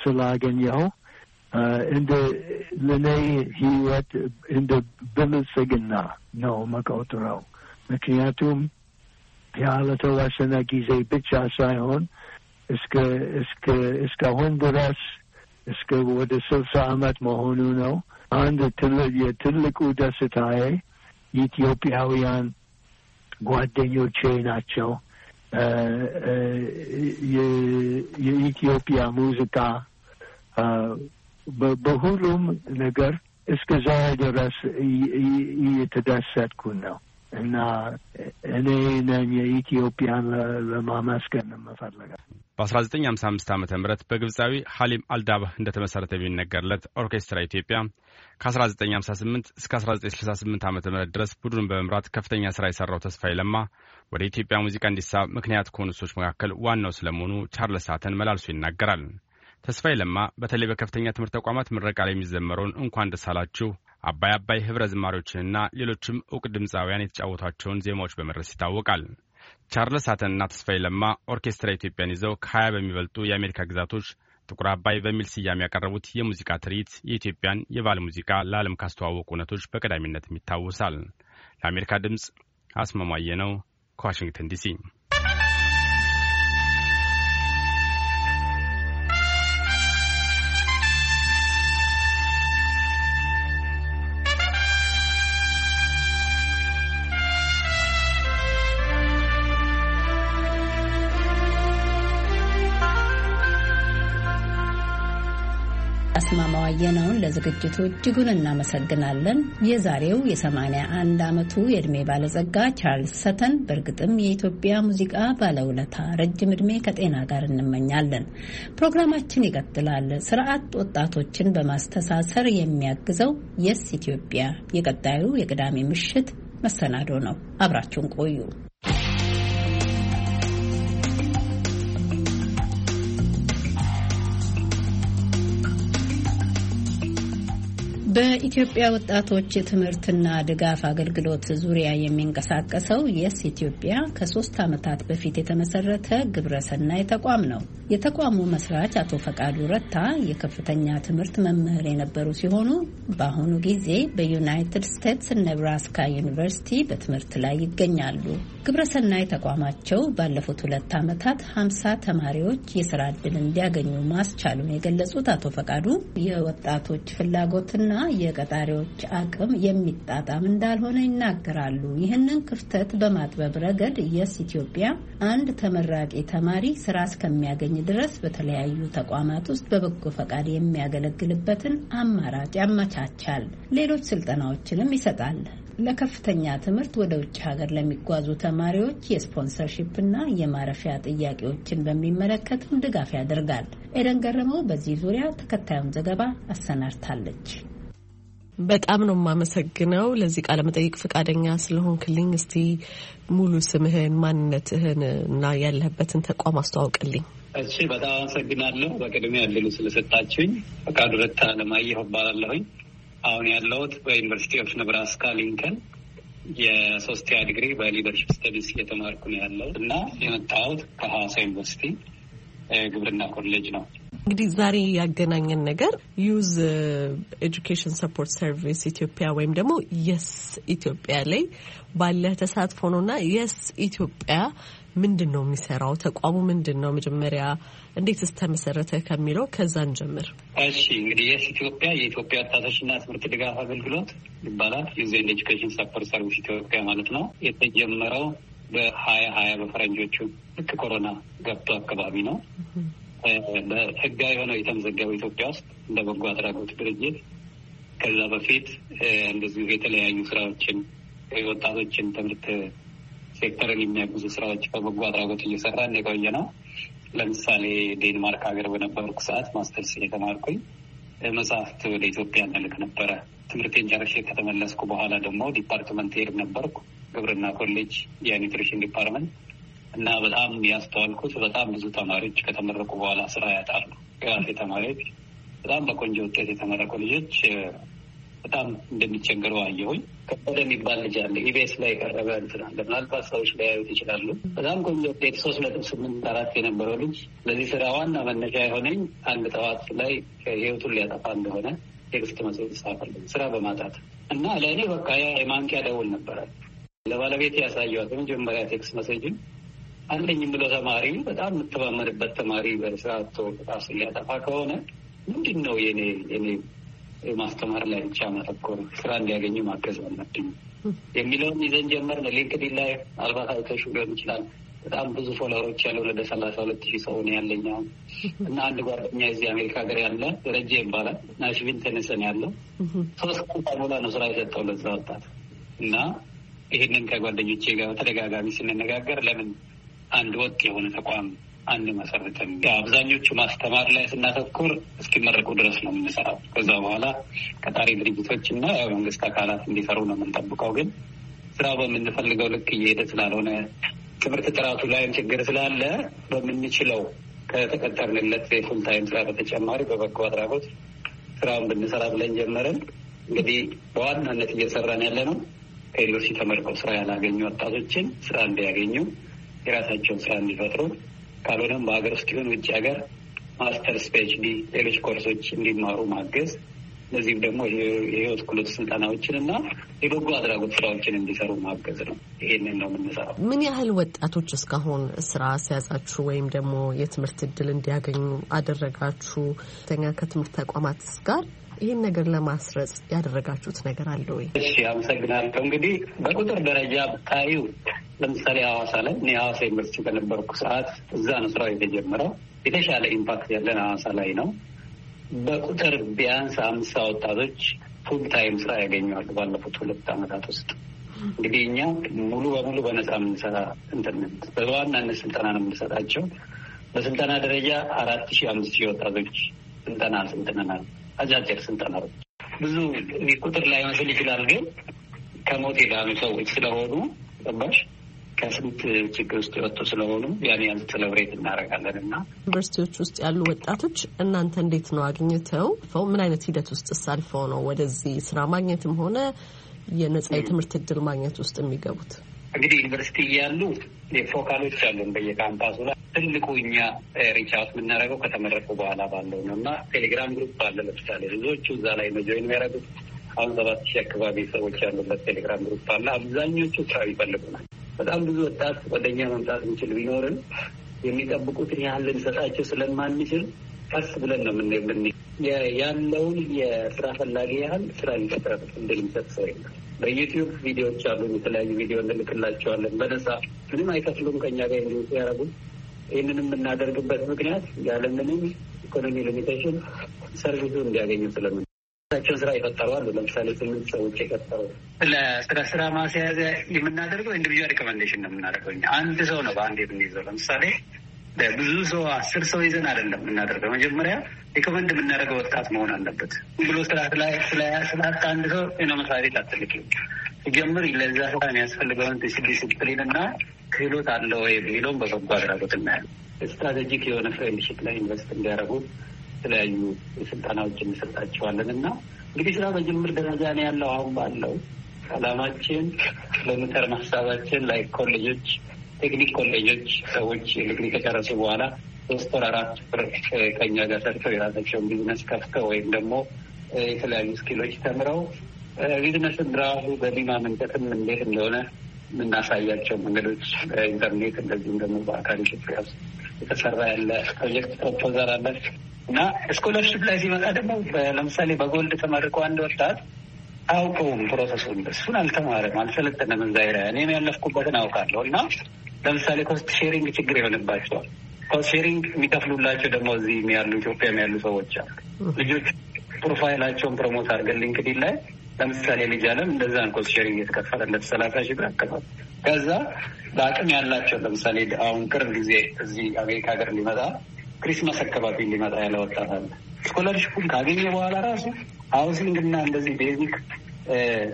ስላገኘው እንደ ለኔ ህይወት እንደ ብልጽግና ነው መቆጥረው። ምክንያቱም ያለተወሰነ ጊዜ ብቻ ሳይሆን እስከ እስከ እስካሁን ድረስ እስከ ወደ ስልሳ አመት መሆኑ ነው። አንድ የትልቁ ደስታዬ ኢትዮጵያውያን ጓደኞቼ ናቸው። የኢትዮጵያ ሙዚቃ በሁሉም ነገር እስከ ዛሬ ድረስ እየተደሰትኩን ነው እና እኔ ነኝ የኢትዮጵያን ለማመስገን የምፈልገው።
በ1955 ዓ ም በግብፃዊ ሐሊም አልዳባህ እንደተመሠረተ የሚነገርለት ኦርኬስትራ ኢትዮጵያ ከ1958 እስከ 1968 ዓ ም ድረስ ቡድኑን በመምራት ከፍተኛ ሥራ የሠራው ተስፋዬ ለማ ወደ ኢትዮጵያ ሙዚቃ እንዲሳብ ምክንያት ከሆኑ ሰዎች መካከል ዋናው ስለመሆኑ ቻርለስ ሳተን መላልሶ ይናገራል። ተስፋዬ ለማ በተለይ በከፍተኛ ትምህርት ተቋማት ምረቃ ላይ የሚዘመረውን እንኳን ደስ አላችሁ አባይ አባይ ህብረ ዝማሪዎችንና ሌሎችም እውቅ ድምፃውያን የተጫወቷቸውን ዜማዎች በመድረስ ይታወቃል። ቻርልስ አተንና ተስፋዬ ለማ ኦርኬስትራ ኢትዮጵያን ይዘው ከሀያ በሚበልጡ የአሜሪካ ግዛቶች ጥቁር አባይ በሚል ስያሜ ያቀረቡት የሙዚቃ ትርኢት የኢትዮጵያን የባህል ሙዚቃ ለዓለም ካስተዋወቁ እውነቶች በቀዳሚነትም ይታወሳል። ለአሜሪካ ድምፅ አስማማየ ነው ከዋሽንግተን ዲሲ
አስማማው አየነውን ለዝግጅቱ እጅጉን እናመሰግናለን። የዛሬው የ81 ዓመቱ የዕድሜ ባለጸጋ ቻርልስ ሰተን በእርግጥም የኢትዮጵያ ሙዚቃ ባለውለታ፣ ረጅም ዕድሜ ከጤና ጋር እንመኛለን። ፕሮግራማችን ይቀጥላል። ስርዓት ወጣቶችን በማስተሳሰር የሚያግዘው የስ ኢትዮጵያ የቀጣዩ የቅዳሜ ምሽት መሰናዶ ነው። አብራችሁን ቆዩ። በኢትዮጵያ ወጣቶች የትምህርትና ድጋፍ አገልግሎት ዙሪያ የሚንቀሳቀሰው የስ ኢትዮጵያ ከሶስት ዓመታት በፊት የተመሰረተ ግብረሰናይ ተቋም ነው። የተቋሙ መስራች አቶ ፈቃዱ ረታ የከፍተኛ ትምህርት መምህር የነበሩ ሲሆኑ በአሁኑ ጊዜ በዩናይትድ ስቴትስ ኔብራስካ ዩኒቨርሲቲ በትምህርት ላይ ይገኛሉ። ግብረሰናይ ተቋማቸው ባለፉት ሁለት ዓመታት ሀምሳ ተማሪዎች የስራ ዕድል እንዲያገኙ ማስቻሉን የገለጹት አቶ ፈቃዱ የወጣቶች ፍላጎትና የቀጣሪዎች አቅም የሚጣጣም እንዳልሆነ ይናገራሉ። ይህንን ክፍተት በማጥበብ ረገድ የስ ኢትዮጵያ አንድ ተመራቂ ተማሪ ስራ እስከሚያገኝ ድረስ በተለያዩ ተቋማት ውስጥ በበጎ ፈቃድ የሚያገለግልበትን አማራጭ ያመቻቻል። ሌሎች ስልጠናዎችንም ይሰጣል። ለከፍተኛ ትምህርት ወደ ውጭ ሀገር ለሚጓዙ ተማሪዎች የስፖንሰርሺፕ እና የማረፊያ ጥያቄዎችን በሚመለከትም ድጋፍ ያደርጋል። ኤደን ገረመው በዚህ ዙሪያ ተከታዩን ዘገባ አሰናድታለች።
በጣም ነው የማመሰግነው ለዚህ ቃለ መጠይቅ ፈቃደኛ ስለሆንክልኝ። እስቲ ሙሉ ስምህን፣ ማንነትህን እና ያለህበትን ተቋም አስተዋውቅልኝ።
እሺ፣ በጣም አመሰግናለሁ። በቅድሚያ እድሉ ስለሰጣችሁኝ። ፈቃዱ ረታ ለማየሁ እባላለሁኝ። አሁን ያለሁት በዩኒቨርሲቲ ኦፍ ነብራስካ ሊንከን የሶስተኛ ዲግሪ በሊደርሽፕ ስተዲስ እየተማርኩ ነው ያለው እና የመጣሁት
ከሀዋሳ ዩኒቨርሲቲ ግብርና ኮሌጅ ነው። እንግዲህ ዛሬ ያገናኘን ነገር ዩዝ ኤጁኬሽን ሰፖርት ሰርቪስ ኢትዮጵያ ወይም ደግሞ የስ ኢትዮጵያ ላይ ባለ ተሳትፎ ነውና የስ ኢትዮጵያ ምንድን ነው የሚሰራው? ተቋሙ ምንድን ነው? መጀመሪያ እንዴትስ ተመሰረተ ከሚለው ከዛ እንጀምር።
እሺ እንግዲህ የስ ኢትዮጵያ
የኢትዮጵያ ወጣቶችና ትምህርት ድጋፍ አገልግሎት ይባላል። ዩዝ ኤንድ ኤጁኬሽን ሰፖርት ሰርቪስ ኢትዮጵያ ማለት ነው። የተጀመረው በሀያ ሀያ በፈረንጆቹ ልክ ኮሮና ገብቶ አካባቢ ነው። ህጋዊ የሆነው የተመዘገበው ኢትዮጵያ ውስጥ እንደ በጎ አድራጎት ድርጅት ከዛ በፊት እንደዚሁ የተለያዩ ስራዎችን ወጣቶችን ትምህርት ሴክተርን የሚያግዙ ስራዎች በበጎ አድራጎት እየሰራ እንደቆየ ነው። ለምሳሌ ዴንማርክ ሀገር በነበርኩ ሰዓት ማስተርስ እየተማርኩኝ መጽሐፍት ወደ ኢትዮጵያ እንልክ ነበረ። ትምህርቴን ጨርሼ ከተመለስኩ በኋላ ደግሞ ዲፓርትመንት ሄድ ነበርኩ። ግብርና ኮሌጅ የኒውትሪሽን ዲፓርትመንት እና በጣም ያስተዋልኩት በጣም ብዙ ተማሪዎች ከተመረቁ በኋላ ስራ ያጣሉ። ራሴ ተማሪዎች በጣም በቆንጆ ውጤት የተመረቁ ልጆች በጣም እንደሚቸገሩ አየሁኝ። ከበደ የሚባል ልጅ አለ። ኢቤስ ላይ የቀረበ እንትን አለ። ምናልባት ሰዎች ሊያዩት ይችላሉ። በጣም ቆንጆ ውጤት ሶስት ነጥብ ስምንት አራት የነበረው ልጅ ለዚህ ስራ ዋና መነሻ የሆነኝ አንድ ጠዋት ላይ ህይወቱን ሊያጠፋ እንደሆነ ቴክስት መጽሔት ይጻፋል ስራ በማጣት እና ለእኔ በቃ የማንኪያ ደውል ነበራል ለባለቤት ያሳየዋት የመጀመሪያ ቴክስት መሴጅን አንደኝ ብሎ ተማሪ በጣም የምተማመንበት ተማሪ በስርዓት ራሱ ሊያጠፋ ከሆነ ምንድን ነው የኔ የኔ ማስተማር ላይ ብቻ መተኮር ስራ እንዲያገኙ ማገዝ አለብኝ የሚለውን ይዘን ጀመርን። ሊንክዲን ላይ አልባት አይተሽው ሊሆን ይችላል። በጣም ብዙ ፎሎወሮች ያለው ወደ ሰላሳ ሁለት ሺህ ሰው ነው ያለኝ እና አንድ ጓደኛ እዚህ አሜሪካ ሀገር ያለ ደረጀ ይባላል። ናሽቪን ተነሰን ያለው ሶስት ቁጣ ሞላ ነው ስራ የሰጠው ለዛ ወጣት እና ይህንን ከጓደኞቼ ጋር በተደጋጋሚ ስንነጋገር ለምን አንድ ወጥ የሆነ ተቋም አንድ አብዛኞቹ ማስተማር ላይ ስናተኩር እስኪመረቁ ድረስ ነው የምንሰራው። ከዛ በኋላ ቀጣሪ ድርጅቶች እና መንግስት አካላት እንዲሰሩ ነው የምንጠብቀው። ግን ስራው በምንፈልገው ልክ እየሄደ ስላልሆነ ትምህርት ጥራቱ ላይም ችግር ስላለ በምንችለው ከተቀጠርንለት የፉል ታይም ስራ በተጨማሪ በበጎ አድራጎት ስራውን ብንሰራ ብለን ጀመርን እንግዲህ በዋናነት እየሰራን ያለ ነው ከዩኒቨርሲቲ ተመርቀው ስራ ያላገኙ ወጣቶችን ስራ እንዲያገኙ የራሳቸውን ስራ እንዲፈጥሩ ካልሆነም በሀገር ውስጥ ይሁን ውጭ ሀገር ማስተርስ፣ ፒኤችዲ፣ ሌሎች ኮርሶች እንዲማሩ ማገዝ ለዚህም ደግሞ የህይወት ክህሎት ስልጠናዎችን እና የበጎ አድራጎት ስራዎችን እንዲሰሩ ማገዝ
ነው። ይሄንን ነው የምንሰራው።
ምን ያህል ወጣቶች እስካሁን ስራ ሲያጻችሁ ወይም ደግሞ የትምህርት እድል እንዲያገኙ አደረጋችሁ? ተኛ ከትምህርት ተቋማት ጋር ይህን ነገር ለማስረጽ ያደረጋችሁት ነገር አለ ወይ?
እሺ፣ አመሰግናለሁ። እንግዲህ በቁጥር ደረጃ ብታዩ ለምሳሌ ሐዋሳ ላይ እኔ ሐዋሳ ዩኒቨርሲቲ በነበርኩ ሰዓት እዛ ነው ስራው የተጀመረው። የተሻለ ኢምፓክት ያለን ሐዋሳ ላይ ነው። በቁጥር ቢያንስ አምሳ ወጣቶች ፉል ታይም ስራ ያገኘዋል። ባለፉት ሁለት ዓመታት ውስጥ እንግዲህ እኛ ሙሉ በሙሉ በነፃ የምንሰራ እንትንት በዋናነት ስልጠና ነው የምንሰጣቸው። በስልጠና ደረጃ አራት ሺህ አምስት ሺህ ወጣቶች ስልጠና ስልጥነናል። አጫጭር ስልጠና ብዙ ቁጥር ላይ መስል ይችላል፣ ግን ከሞት የዳኑ ሰዎች ስለሆኑ ጠባሽ ከስንት ችግር ውስጥ የወጡ ስለሆኑ ያን ያን ሴሌብሬት እናደርጋለን
እና
ዩኒቨርሲቲዎች ውስጥ ያሉ ወጣቶች እናንተ እንዴት ነው አግኝተው ምን አይነት ሂደት ውስጥ አልፈው ነው ወደዚህ ስራ ማግኘትም ሆነ የነጻ የትምህርት እድል ማግኘት ውስጥ የሚገቡት?
እንግዲህ ዩኒቨርሲቲ እያሉ ፎካሎች አሉን በየካምፓሱ ላይ። ትልቁ እኛ ሪቻት የምናደርገው ከተመረቁ በኋላ ባለው ነው እና ቴሌግራም ግሩፕ አለ። ለምሳሌ ብዙዎቹ እዛ ላይ ነው ጆይን የሚያደርጉት አሁን ሰባት ሺህ አካባቢ ሰዎች ያሉበት ቴሌግራም ግሩፕ አለ። አብዛኞቹ ስራ ይፈልጉናል። በጣም ብዙ ወጣት ወደ እኛ መምጣት እንችል ቢኖርን የሚጠብቁትን ያህል ልንሰጣቸው ስለማንችል ቀስ ብለን ነው ምን ያለውን የስራ ፈላጊ ያህል ስራ ሊቀጥረበት እንድንሰጥ ሰው የለም። በዩቲዩብ ቪዲዮዎች አሉ። የተለያዩ ቪዲዮ እንልክላቸዋለን በነጻ ምንም አይከፍሉም። ከኛ ጋር እንዲወጡ ያደረጉ ይህንን የምናደርግበት ምክንያት ያለምንም ኢኮኖሚ ሊሚቴሽን ሰርቪሱ እንዲያገኙ ስለምን ናቸው ስራ ይፈጠረዋል። ለምሳሌ ስምንት ሰዎች የቀጠሩ ለስራ ስራ ማስያዘ የምናደርገው ኢንዲቪጁዋል ሪኮመንዴሽን ነው የምናደርገው። አንድ ሰው ነው በአንድ የምንይዘው። ለምሳሌ ብዙ ሰው አስር ሰው ይዘን አይደለም የምናደርገው። መጀመሪያ ሪኮመንድ የምናደርገው ወጣት መሆን አለበት ብሎ ስራ ስለስላት አንድ ሰው ነው መስሪያ ቤት ሲጀምር ለዛ ስራ የሚያስፈልገውን ዲስፕሊን እና ክህሎት አለው የሚለውን በበጎ አድራጎት እናያለን። ስትራቴጂክ የሆነ ፍሬንድሽፕ ላይ ኢንቨስት እንዲያደርጉ የተለያዩ ስልጠናዎች እንሰጣቸዋለን እና እንግዲህ ስራ በጅምር ደረጃ ነው ያለው። አሁን ባለው ሰላማችን በምተር ሀሳባችን ላይ ኮሌጆች፣ ቴክኒክ ኮሌጆች ሰዎች ዲግሪ ከጨረሱ በኋላ ሶስት ወር አራት ብር ከኛ ጋር ሰርተው የራሳቸውን ቢዝነስ ከፍተው ወይም ደግሞ የተለያዩ ስኪሎች ተምረው ቢዝነስን ራሱ በሊማ መንጠትም እንዴት እንደሆነ የምናሳያቸው መንገዶች በኢንተርኔት እንደዚሁም ደግሞ በአካል ኢትዮጵያ ውስጥ የተሰራ ያለ ፕሮጀክት ፕሮፖዛል አለ እና ስኮለርሽፕ ላይ ሲመጣ ደግሞ ለምሳሌ በጎልድ ተመርቆ አንድ ወጣት አያውቀውም ፕሮሰሱን። እሱን አልተማረም፣ አልሰለጠነም። እዛ ሄዳ እኔም ያለፍኩበትን አውቃለሁ። እና ለምሳሌ ኮስት ሼሪንግ ችግር ይሆንባቸዋል። ኮስት ሼሪንግ የሚከፍሉላቸው ደግሞ እዚህ ያሉ ኢትዮጵያ ያሉ ሰዎች አሉ። ልጆች ፕሮፋይላቸውን ፕሮሞት አድርገን ሊንክዲን ላይ ለምሳሌ ልጅ አለም እንደዛ ነው ኮስት ሼሪንግ እንደ ሰላሳ ሺህ ብር አከፋል። ከዛ በአቅም ያላቸው ለምሳሌ አሁን ቅርብ ጊዜ እዚህ አሜሪካ ሀገር ሊመጣ ክሪስማስ አካባቢ ሊመጣ ያለ ወጣት አለ። ስኮለርሽፑን ካገኘ በኋላ ራሱ ሀውሲንግ እና እንደዚህ ቤዚክ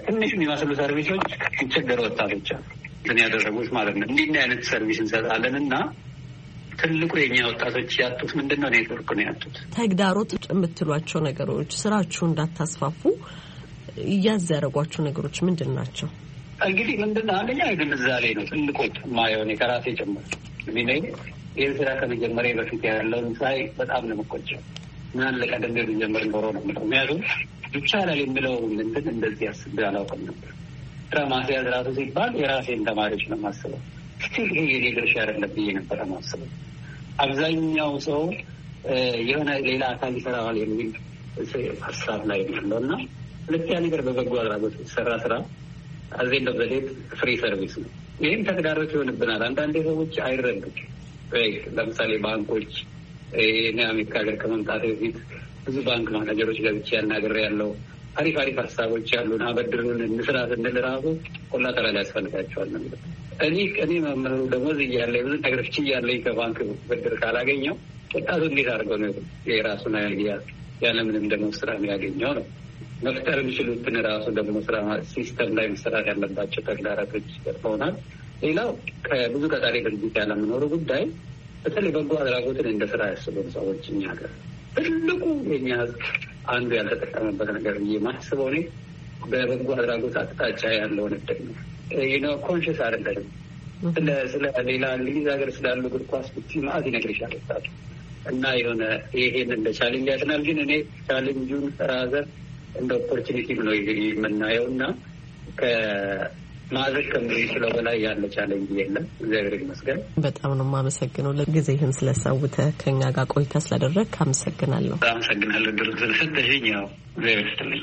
ትንሽ የሚመስሉ ሰርቪሶች ይቸገሩ ወጣቶች አሉ። እንትን ያደረጉት ማለት ነው። እንዲህ አይነት ሰርቪስ እንሰጣለን እና ትልቁ የኛ ወጣቶች ያጡት ምንድን ነው? ኔትወርክ ነው ያጡት።
ተግዳሮት የምትሏቸው ነገሮች ስራችሁ እንዳታስፋፉ እያዝ ያደረጓቸው ነገሮች ምንድን ናቸው?
እንግዲህ ምንድን አንደኛ ግንዛቤ ነው ትልቁን ማየሆን ከራሴ ጭምር እዚህ ላይ ይህን ስራ ከመጀመሪያ በፊት ያለውን ሳይ በጣም ነው የምቆጨው። ምን አለ ቀደም ኖሮ ነው ምለው ምክንያቱም ይቻላል የምለው ምንድን እንደዚህ ያስብ አላውቅም ነበር። ስራ ማስያዝ ራሱ ሲባል የራሴን ተማሪዎች ነው ማስበው። ስቲል ይሄ የኔ ድርሻ አይደለም ብዬ ነበረ ማስበው። አብዛኛው ሰው የሆነ ሌላ አካል ይሰራዋል የሚል ሀሳብ ላይ ያለው እና ልክ ያ ነገር በበጎ አድራጎት የተሰራ ስራ አዜ ደብዘሌት ፍሪ ሰርቪስ ነው። ይህም ተግዳሮት ይሆንብናል። አንዳንዴ ሰዎች አይረዱት። ለምሳሌ ባንኮች እኔ አሜሪካ ሀገር ከመምጣት በፊት ብዙ ባንክ ማናጀሮች ገብቼ ያናገር ያለው አሪፍ አሪፍ ሀሳቦች ያሉን አበድሩን እንስራ ስንል ራሱ ኮላተራል ያስፈልጋቸዋል ነው። እኔ እኔ መምህሩ ደሞዝ እያለ ብዙ ነገሮች እያለኝ ከባንክ ብድር ካላገኘው ወጣቱ እንዴት አድርገው ነው የራሱን አይዲያ ያለምንም ደሞዝ ስራ ነው ያገኘው ነው መፍጠር የሚችሉትን ራሱ ደግሞ ስራ ሲስተም ላይ መሰራት ያለባቸው ተግዳራቶች ሆናል። ሌላው ከብዙ ቀጣሪ ድርጅት ያለመኖሩ ጉዳይ በተለይ በጎ አድራጎትን እንደ ስራ ያስቡን ሰዎች እኛ ሀገር ትልቁ የኛ አንዱ ያልተጠቀመበት ነገር ብዬ ማስበው እኔ በበጎ አድራጎት አቅጣጫ ያለውን እድል ነው። ነው ኮንሽስ አይደለም። ስለሌላ ሌላ እንግሊዝ ሀገር ስላሉ እግር ኳስ ብቲ ማዕት ይነግርሻል እና የሆነ ይሄን እንደ ቻሌንጅ ያትናል። ግን እኔ ቻሌንጁን ራዘር እንደ ኦፖርቹኒቲ ነው የምናየው እና ከማድረግ ከምንችለው በላይ ያለ ቻለንጅ የለም። እግዚአብሔር ይመስገን።
በጣም ነው የማመሰግነው ለጊዜህን ስለሳውተ ከኛ ጋር ቆይታ ስላደረግ አመሰግናለሁ።
አመሰግናለሁ ድር ስለሰጠሽኝ። ያው እግዚአብሔር
ይስጥልኝ።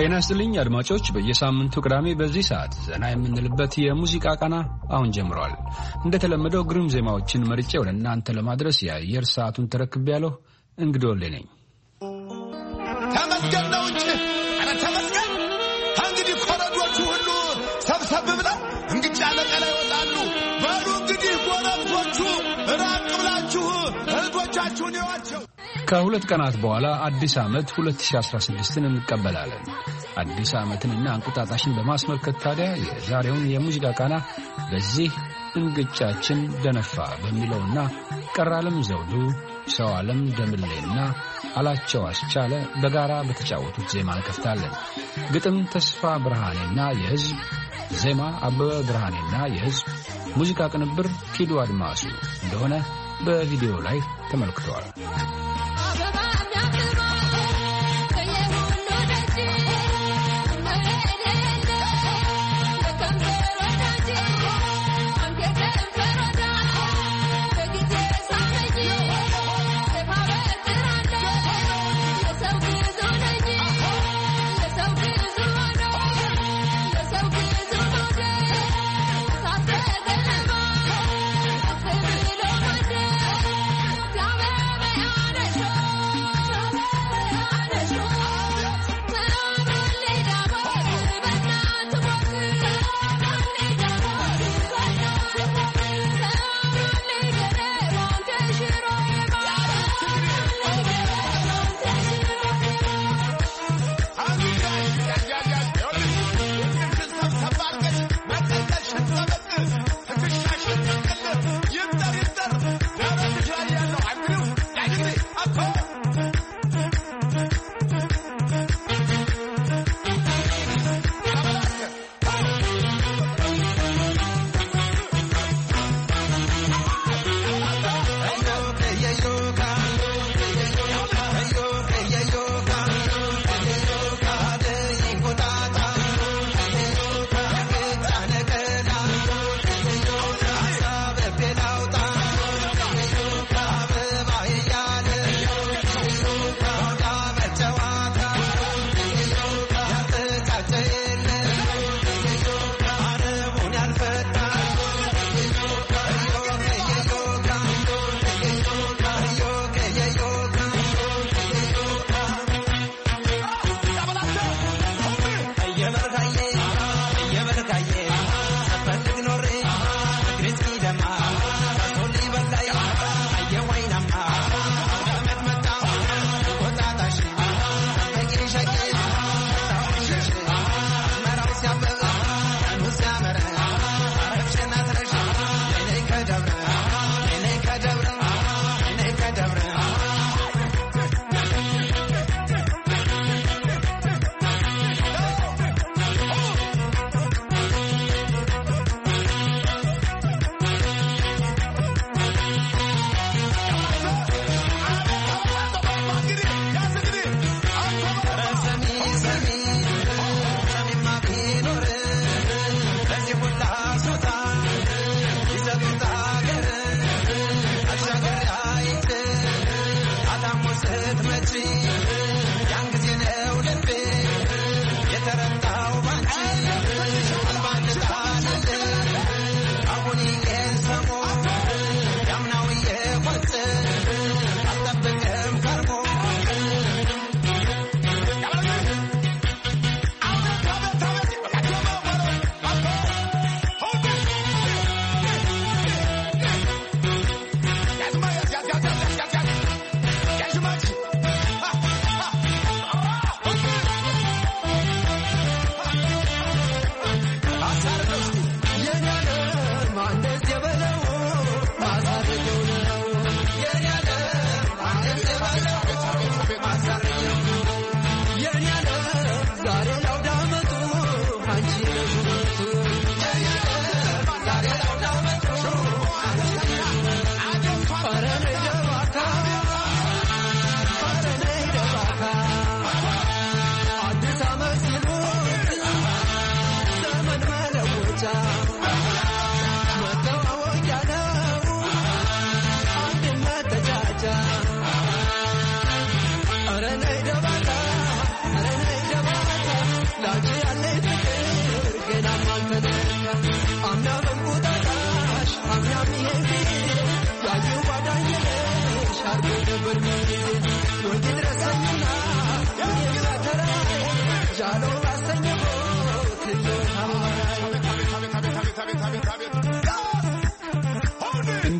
ጤና ይስጥልኝ አድማጮች። በየሳምንቱ ቅዳሜ በዚህ ሰዓት ዘና የምንልበት የሙዚቃ ቃና አሁን ጀምሯል። እንደተለመደው ግሩም ዜማዎችን መርጬ ወደ እናንተ ለማድረስ የአየር ሰዓቱን ተረክቤ ያለሁ እንግዶሌ ነኝ።
ተመስገን ነው እንጂ ኧረ ተመስገን። ከእንግዲህ ኮረዶቹ ሁሉ ሰብሰብ ብለው እንግጫ ለቀላ ይወጣል
ከሁለት ቀናት በኋላ አዲስ ዓመት 2016ን እንቀበላለን። አዲስ ዓመትንና እንቁጣጣሽን በማስመልከት ታዲያ የዛሬውን የሙዚቃ ቃና በዚህ እንግጫችን ደነፋ በሚለውና ቀራለም ዘውዱ፣ ሰዋለም ደምሌና አላቸው አስቻለ በጋራ በተጫወቱት ዜማ እንከፍታለን። ግጥም ተስፋ ብርሃኔና የሕዝብ ዜማ አበበ ብርሃኔና የሕዝብ ሙዚቃ ቅንብር ኪዱ አድማሱ እንደሆነ በቪዲዮ ላይ ተመልክተዋል። Ababa.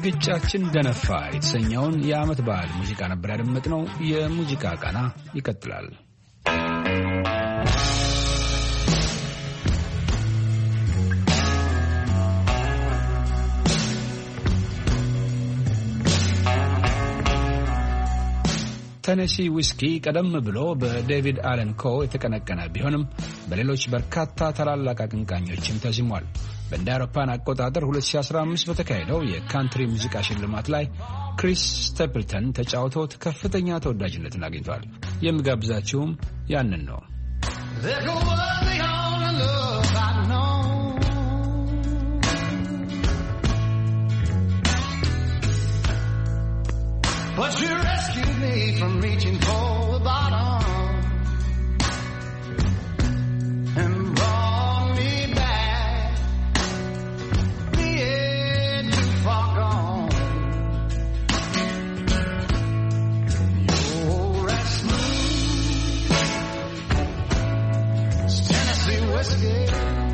ግጫችን ደነፋ የተሰኘውን የዓመት በዓል ሙዚቃ ነበር ያደመጥነው። የሙዚቃ ቃና ይቀጥላል። ተነሲ ዊስኪ ቀደም ብሎ በዴቪድ አለን ኮ የተቀነቀነ ቢሆንም በሌሎች በርካታ ታላላቅ አቀንቃኞችም ተዝሟል። በእንደ አውሮፓን አቆጣጠር 2015 በተካሄደው የካንትሪ ሙዚቃ ሽልማት ላይ ክሪስ ስቴፕልተን ተጫውተውት ከፍተኛ ተወዳጅነትን አግኝቷል። የምጋብዛችሁም ያንን ነው።
But you rescued me from reaching for the bottom. whiskey.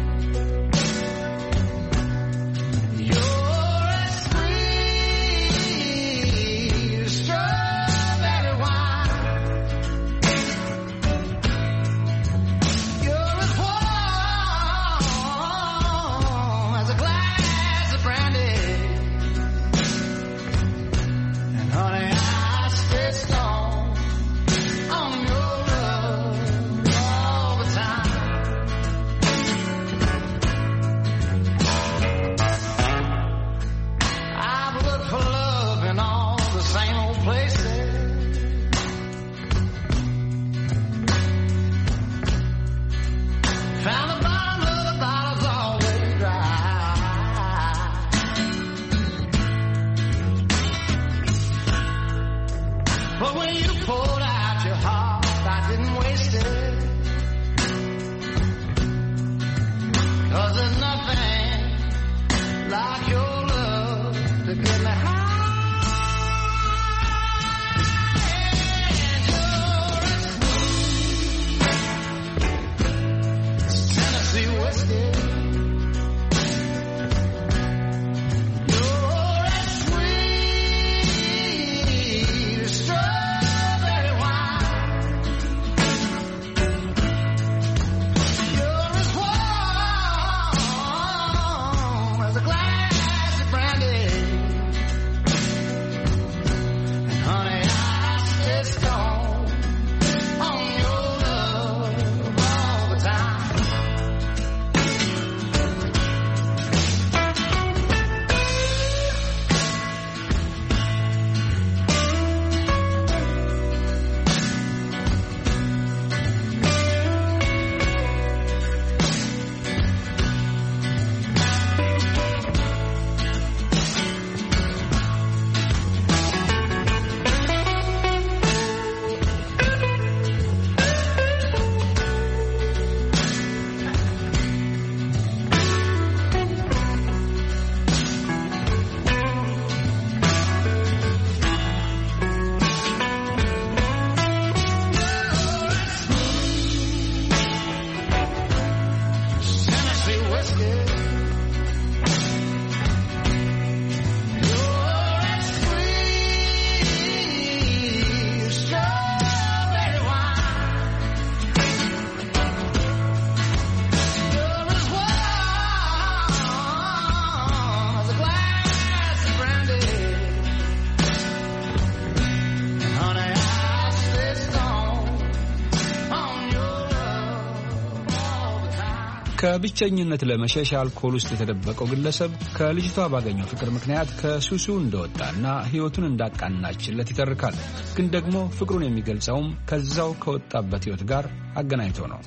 ከብቸኝነት ለመሸሽ አልኮል ውስጥ የተደበቀው ግለሰብ ከልጅቷ ባገኘው ፍቅር ምክንያት ከሱሱ እንደወጣና ሕይወቱን እንዳቃናችለት ይተርካል። ግን ደግሞ ፍቅሩን የሚገልጸውም ከዛው ከወጣበት ሕይወት ጋር አገናኝቶ ነው።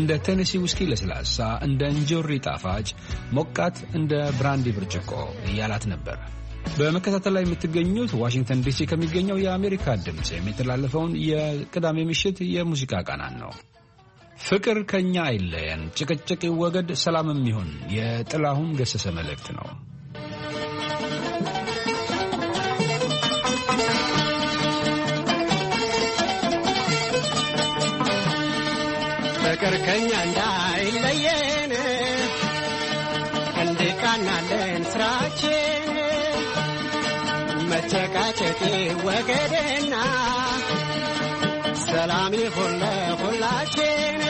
እንደ ቴኔሲ ውስኪ ለስላሳ፣ እንደ እንጆሪ ጣፋጭ፣ ሞቃት እንደ ብራንዲ ብርጭቆ እያላት ነበር። በመከታተል ላይ የምትገኙት ዋሽንግተን ዲሲ ከሚገኘው የአሜሪካ ድምፅ የሚተላለፈውን የቅዳሜ ምሽት የሙዚቃ ቃናን ነው። ፍቅር ከኛ አይለየን፣ ጭቅጭቅ ይወገድ፣ ሰላምም ይሁን የጥላሁን ገሰሰ መልእክት ነው።
ፍቅር ከኛ እንዳይለየን እንድቃናለን ስራችን መጨቃጨቅ ወገድና ሰላም ይሁን ለሁላችን።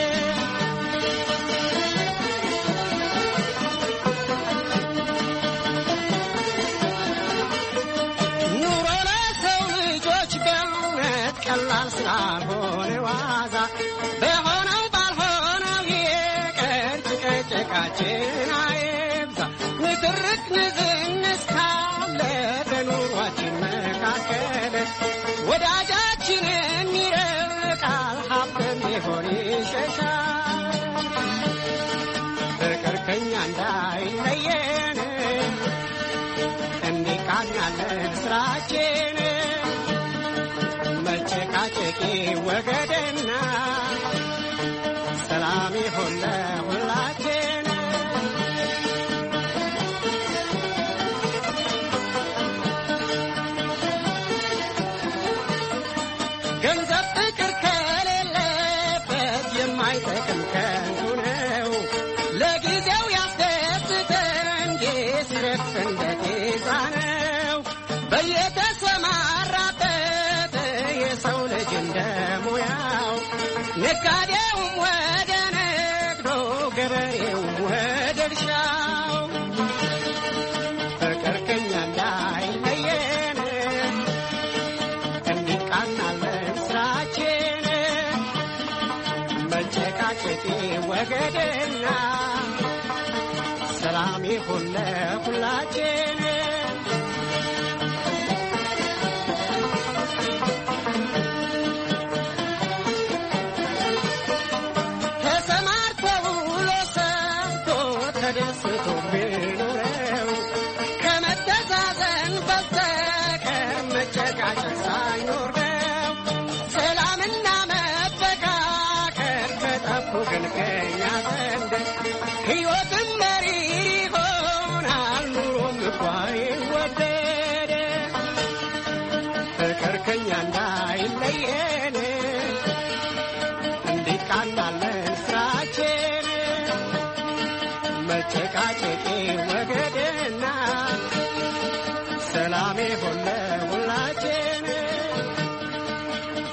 በሆነው ባልሆነው የቀን ጭቅጭቃችን ወገደና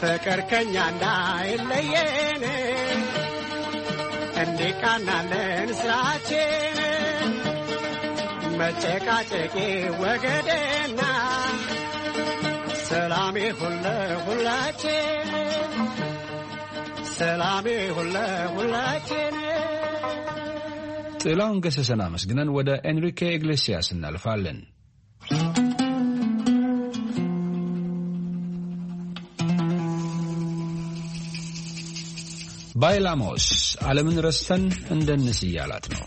ፍቅር ከኛ እንዳይለየን እንዲቃናለን ስራችን መጨቃጨቂ ወገደና ሰላሜ ሁለ ሁላችን ሰላሜ ሁለ ሁላችን።
ጥላውን ገሰሰን አመስግነን ወደ ኤንሪኬ ኢግሌሲያስ እናልፋለን። ባይላሞስ ዓለምን ረስተን እንደንስ እያላት ነው።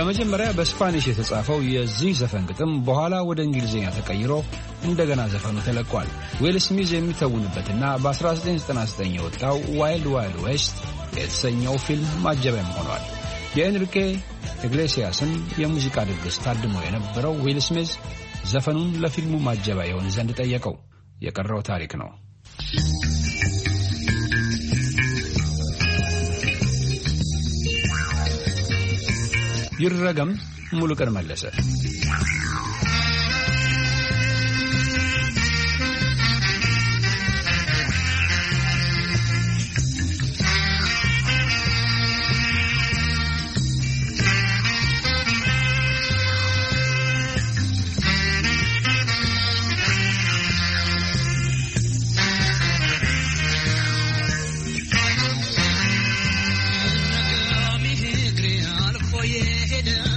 በመጀመሪያ በስፓኒሽ የተጻፈው የዚህ ዘፈን ግጥም በኋላ ወደ እንግሊዝኛ ተቀይሮ እንደገና ዘፈኑ ተለቋል። ዌል ስሚዝ የሚተውንበትና በ1999 የወጣው ዋይልድ ዋይልድ ዌስት የተሰኘው ፊልም ማጀቢያም ሆኗል። የኤንሪኬ ኢግሌሲያስን የሙዚቃ ድግስ ታድሞ የነበረው ዊል ስሚዝ ዘፈኑን ለፊልሙ ማጀቢያ የሆን ዘንድ ጠየቀው። የቀረው ታሪክ ነው። ይረገም ሙሉቀን መለሰ
Oh, yeah,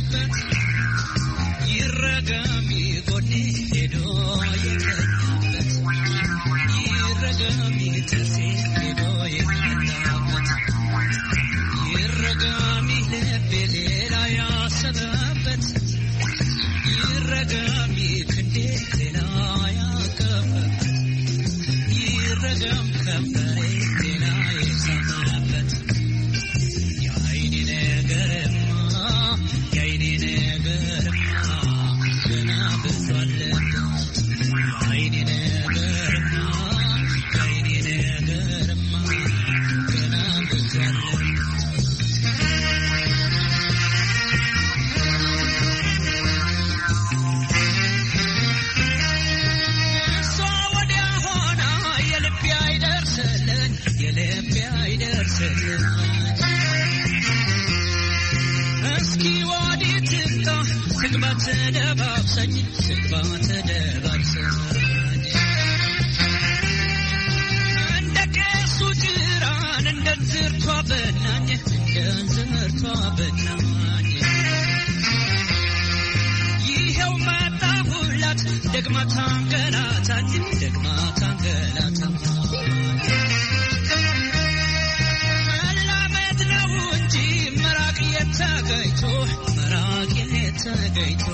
ተገኝቶ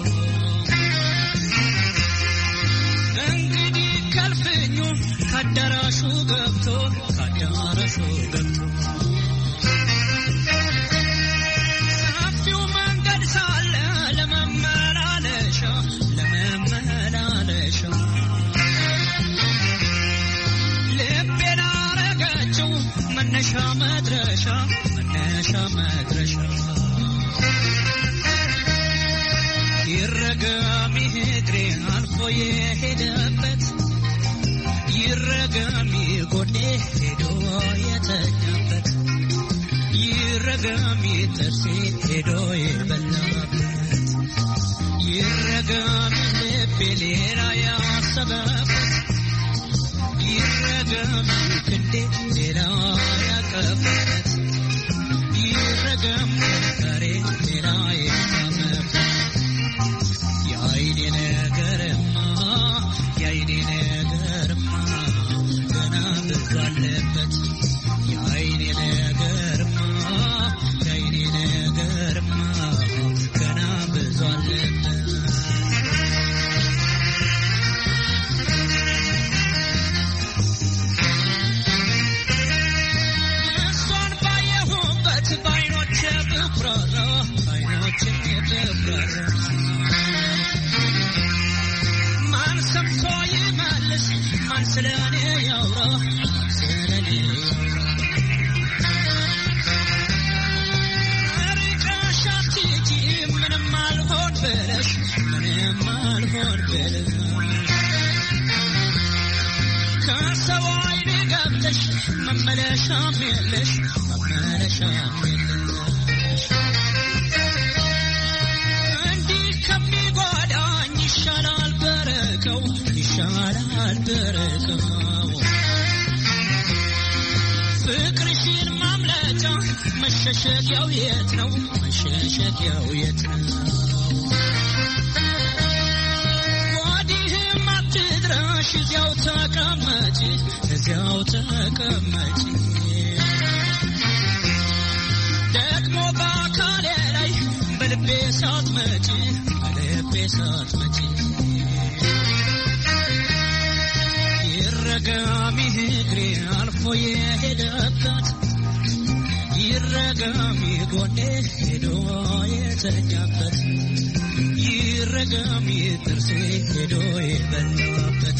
እንግዲህ ከልፍኙ ከአዳራሹ ገብቶ ከአዳራሹ ገብቶ ሰፊው መንገድ ሳለ ለመመላለሻ ለመመላለሻ ልቤን አረገችው መነሻ መድረሻ መነሻ መድረሻ የሄደበት ይረገም ጎኔ ሄዶ የተኛበት ይረገም ጥርሴ ሄዶ የበላበት ይረገም ሌላ ያሰበበት ይረገም ክንዴ ሌላ ያቀበት ይረገም ከሬ ሌላ የታመበት يا عيني نقرم يا عيني نقرم እንዲህ ከሚጓዳኝ ይሻላል በረከው ይሻላል በረከው ፍቅርሽን ማምለጫ የት ነው? መሸሸጊያው የት ነው? እዚያው ተቀመጪ፣ እዚያው ደግሞ አልፎ የሄደበት ይረጋሚ ጎኔ ሄዶ የተኛበት ይረጋሚ ጥርሴ ሄዶ የበላበት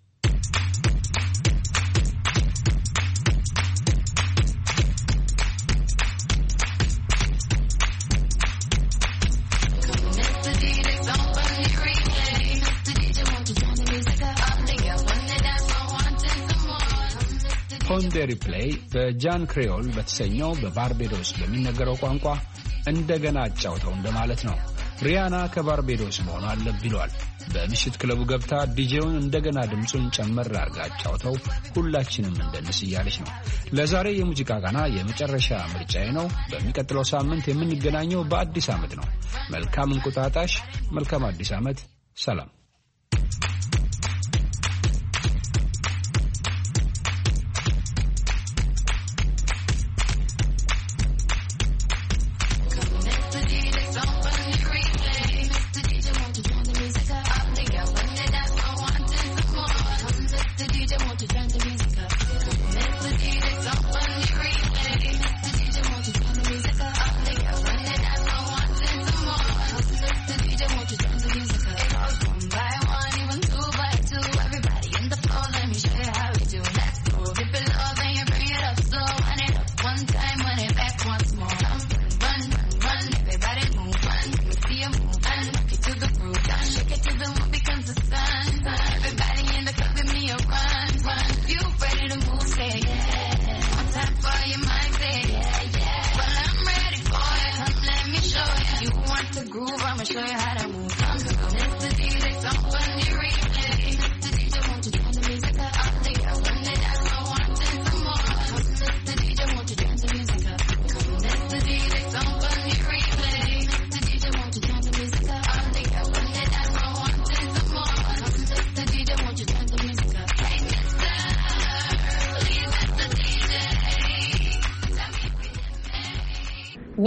ሴኮንደሪ ፕሌይ በጃን ክሬዮል በተሰኘው በባርቤዶስ በሚነገረው ቋንቋ እንደገና አጫውተው እንደማለት ነው። ሪያና ከባርቤዶስ መሆኑ አለብ ይሏል። በምሽት ክለቡ ገብታ ዲጄውን እንደገና ድምፁን ጨመር አርጋ አጫውተው ሁላችንም እንደንስ እያለች ነው። ለዛሬ የሙዚቃ ቃና የመጨረሻ ምርጫዬ ነው። በሚቀጥለው ሳምንት የምንገናኘው በአዲስ ዓመት ነው። መልካም እንቁጣጣሽ፣ መልካም አዲስ ዓመት። ሰላም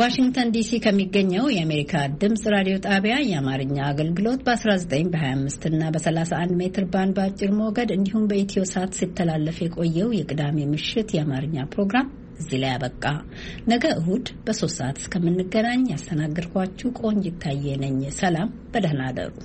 ዋሽንግተን ዲሲ ከሚገኘው የአሜሪካ ድምፅ ራዲዮ ጣቢያ የአማርኛ አገልግሎት በ19 በ25 እና በ31 ሜትር ባንድ በአጭር ሞገድ እንዲሁም በኢትዮ ሳት ሲተላለፍ የቆየው የቅዳሜ ምሽት የአማርኛ ፕሮግራም እዚህ ላይ አበቃ። ነገ እሁድ በሶስት ሰዓት እስከምንገናኝ ያስተናገድኳችሁ ቆንጅ ይታየ ነኝ። ሰላም፣ በደህና አደሩ።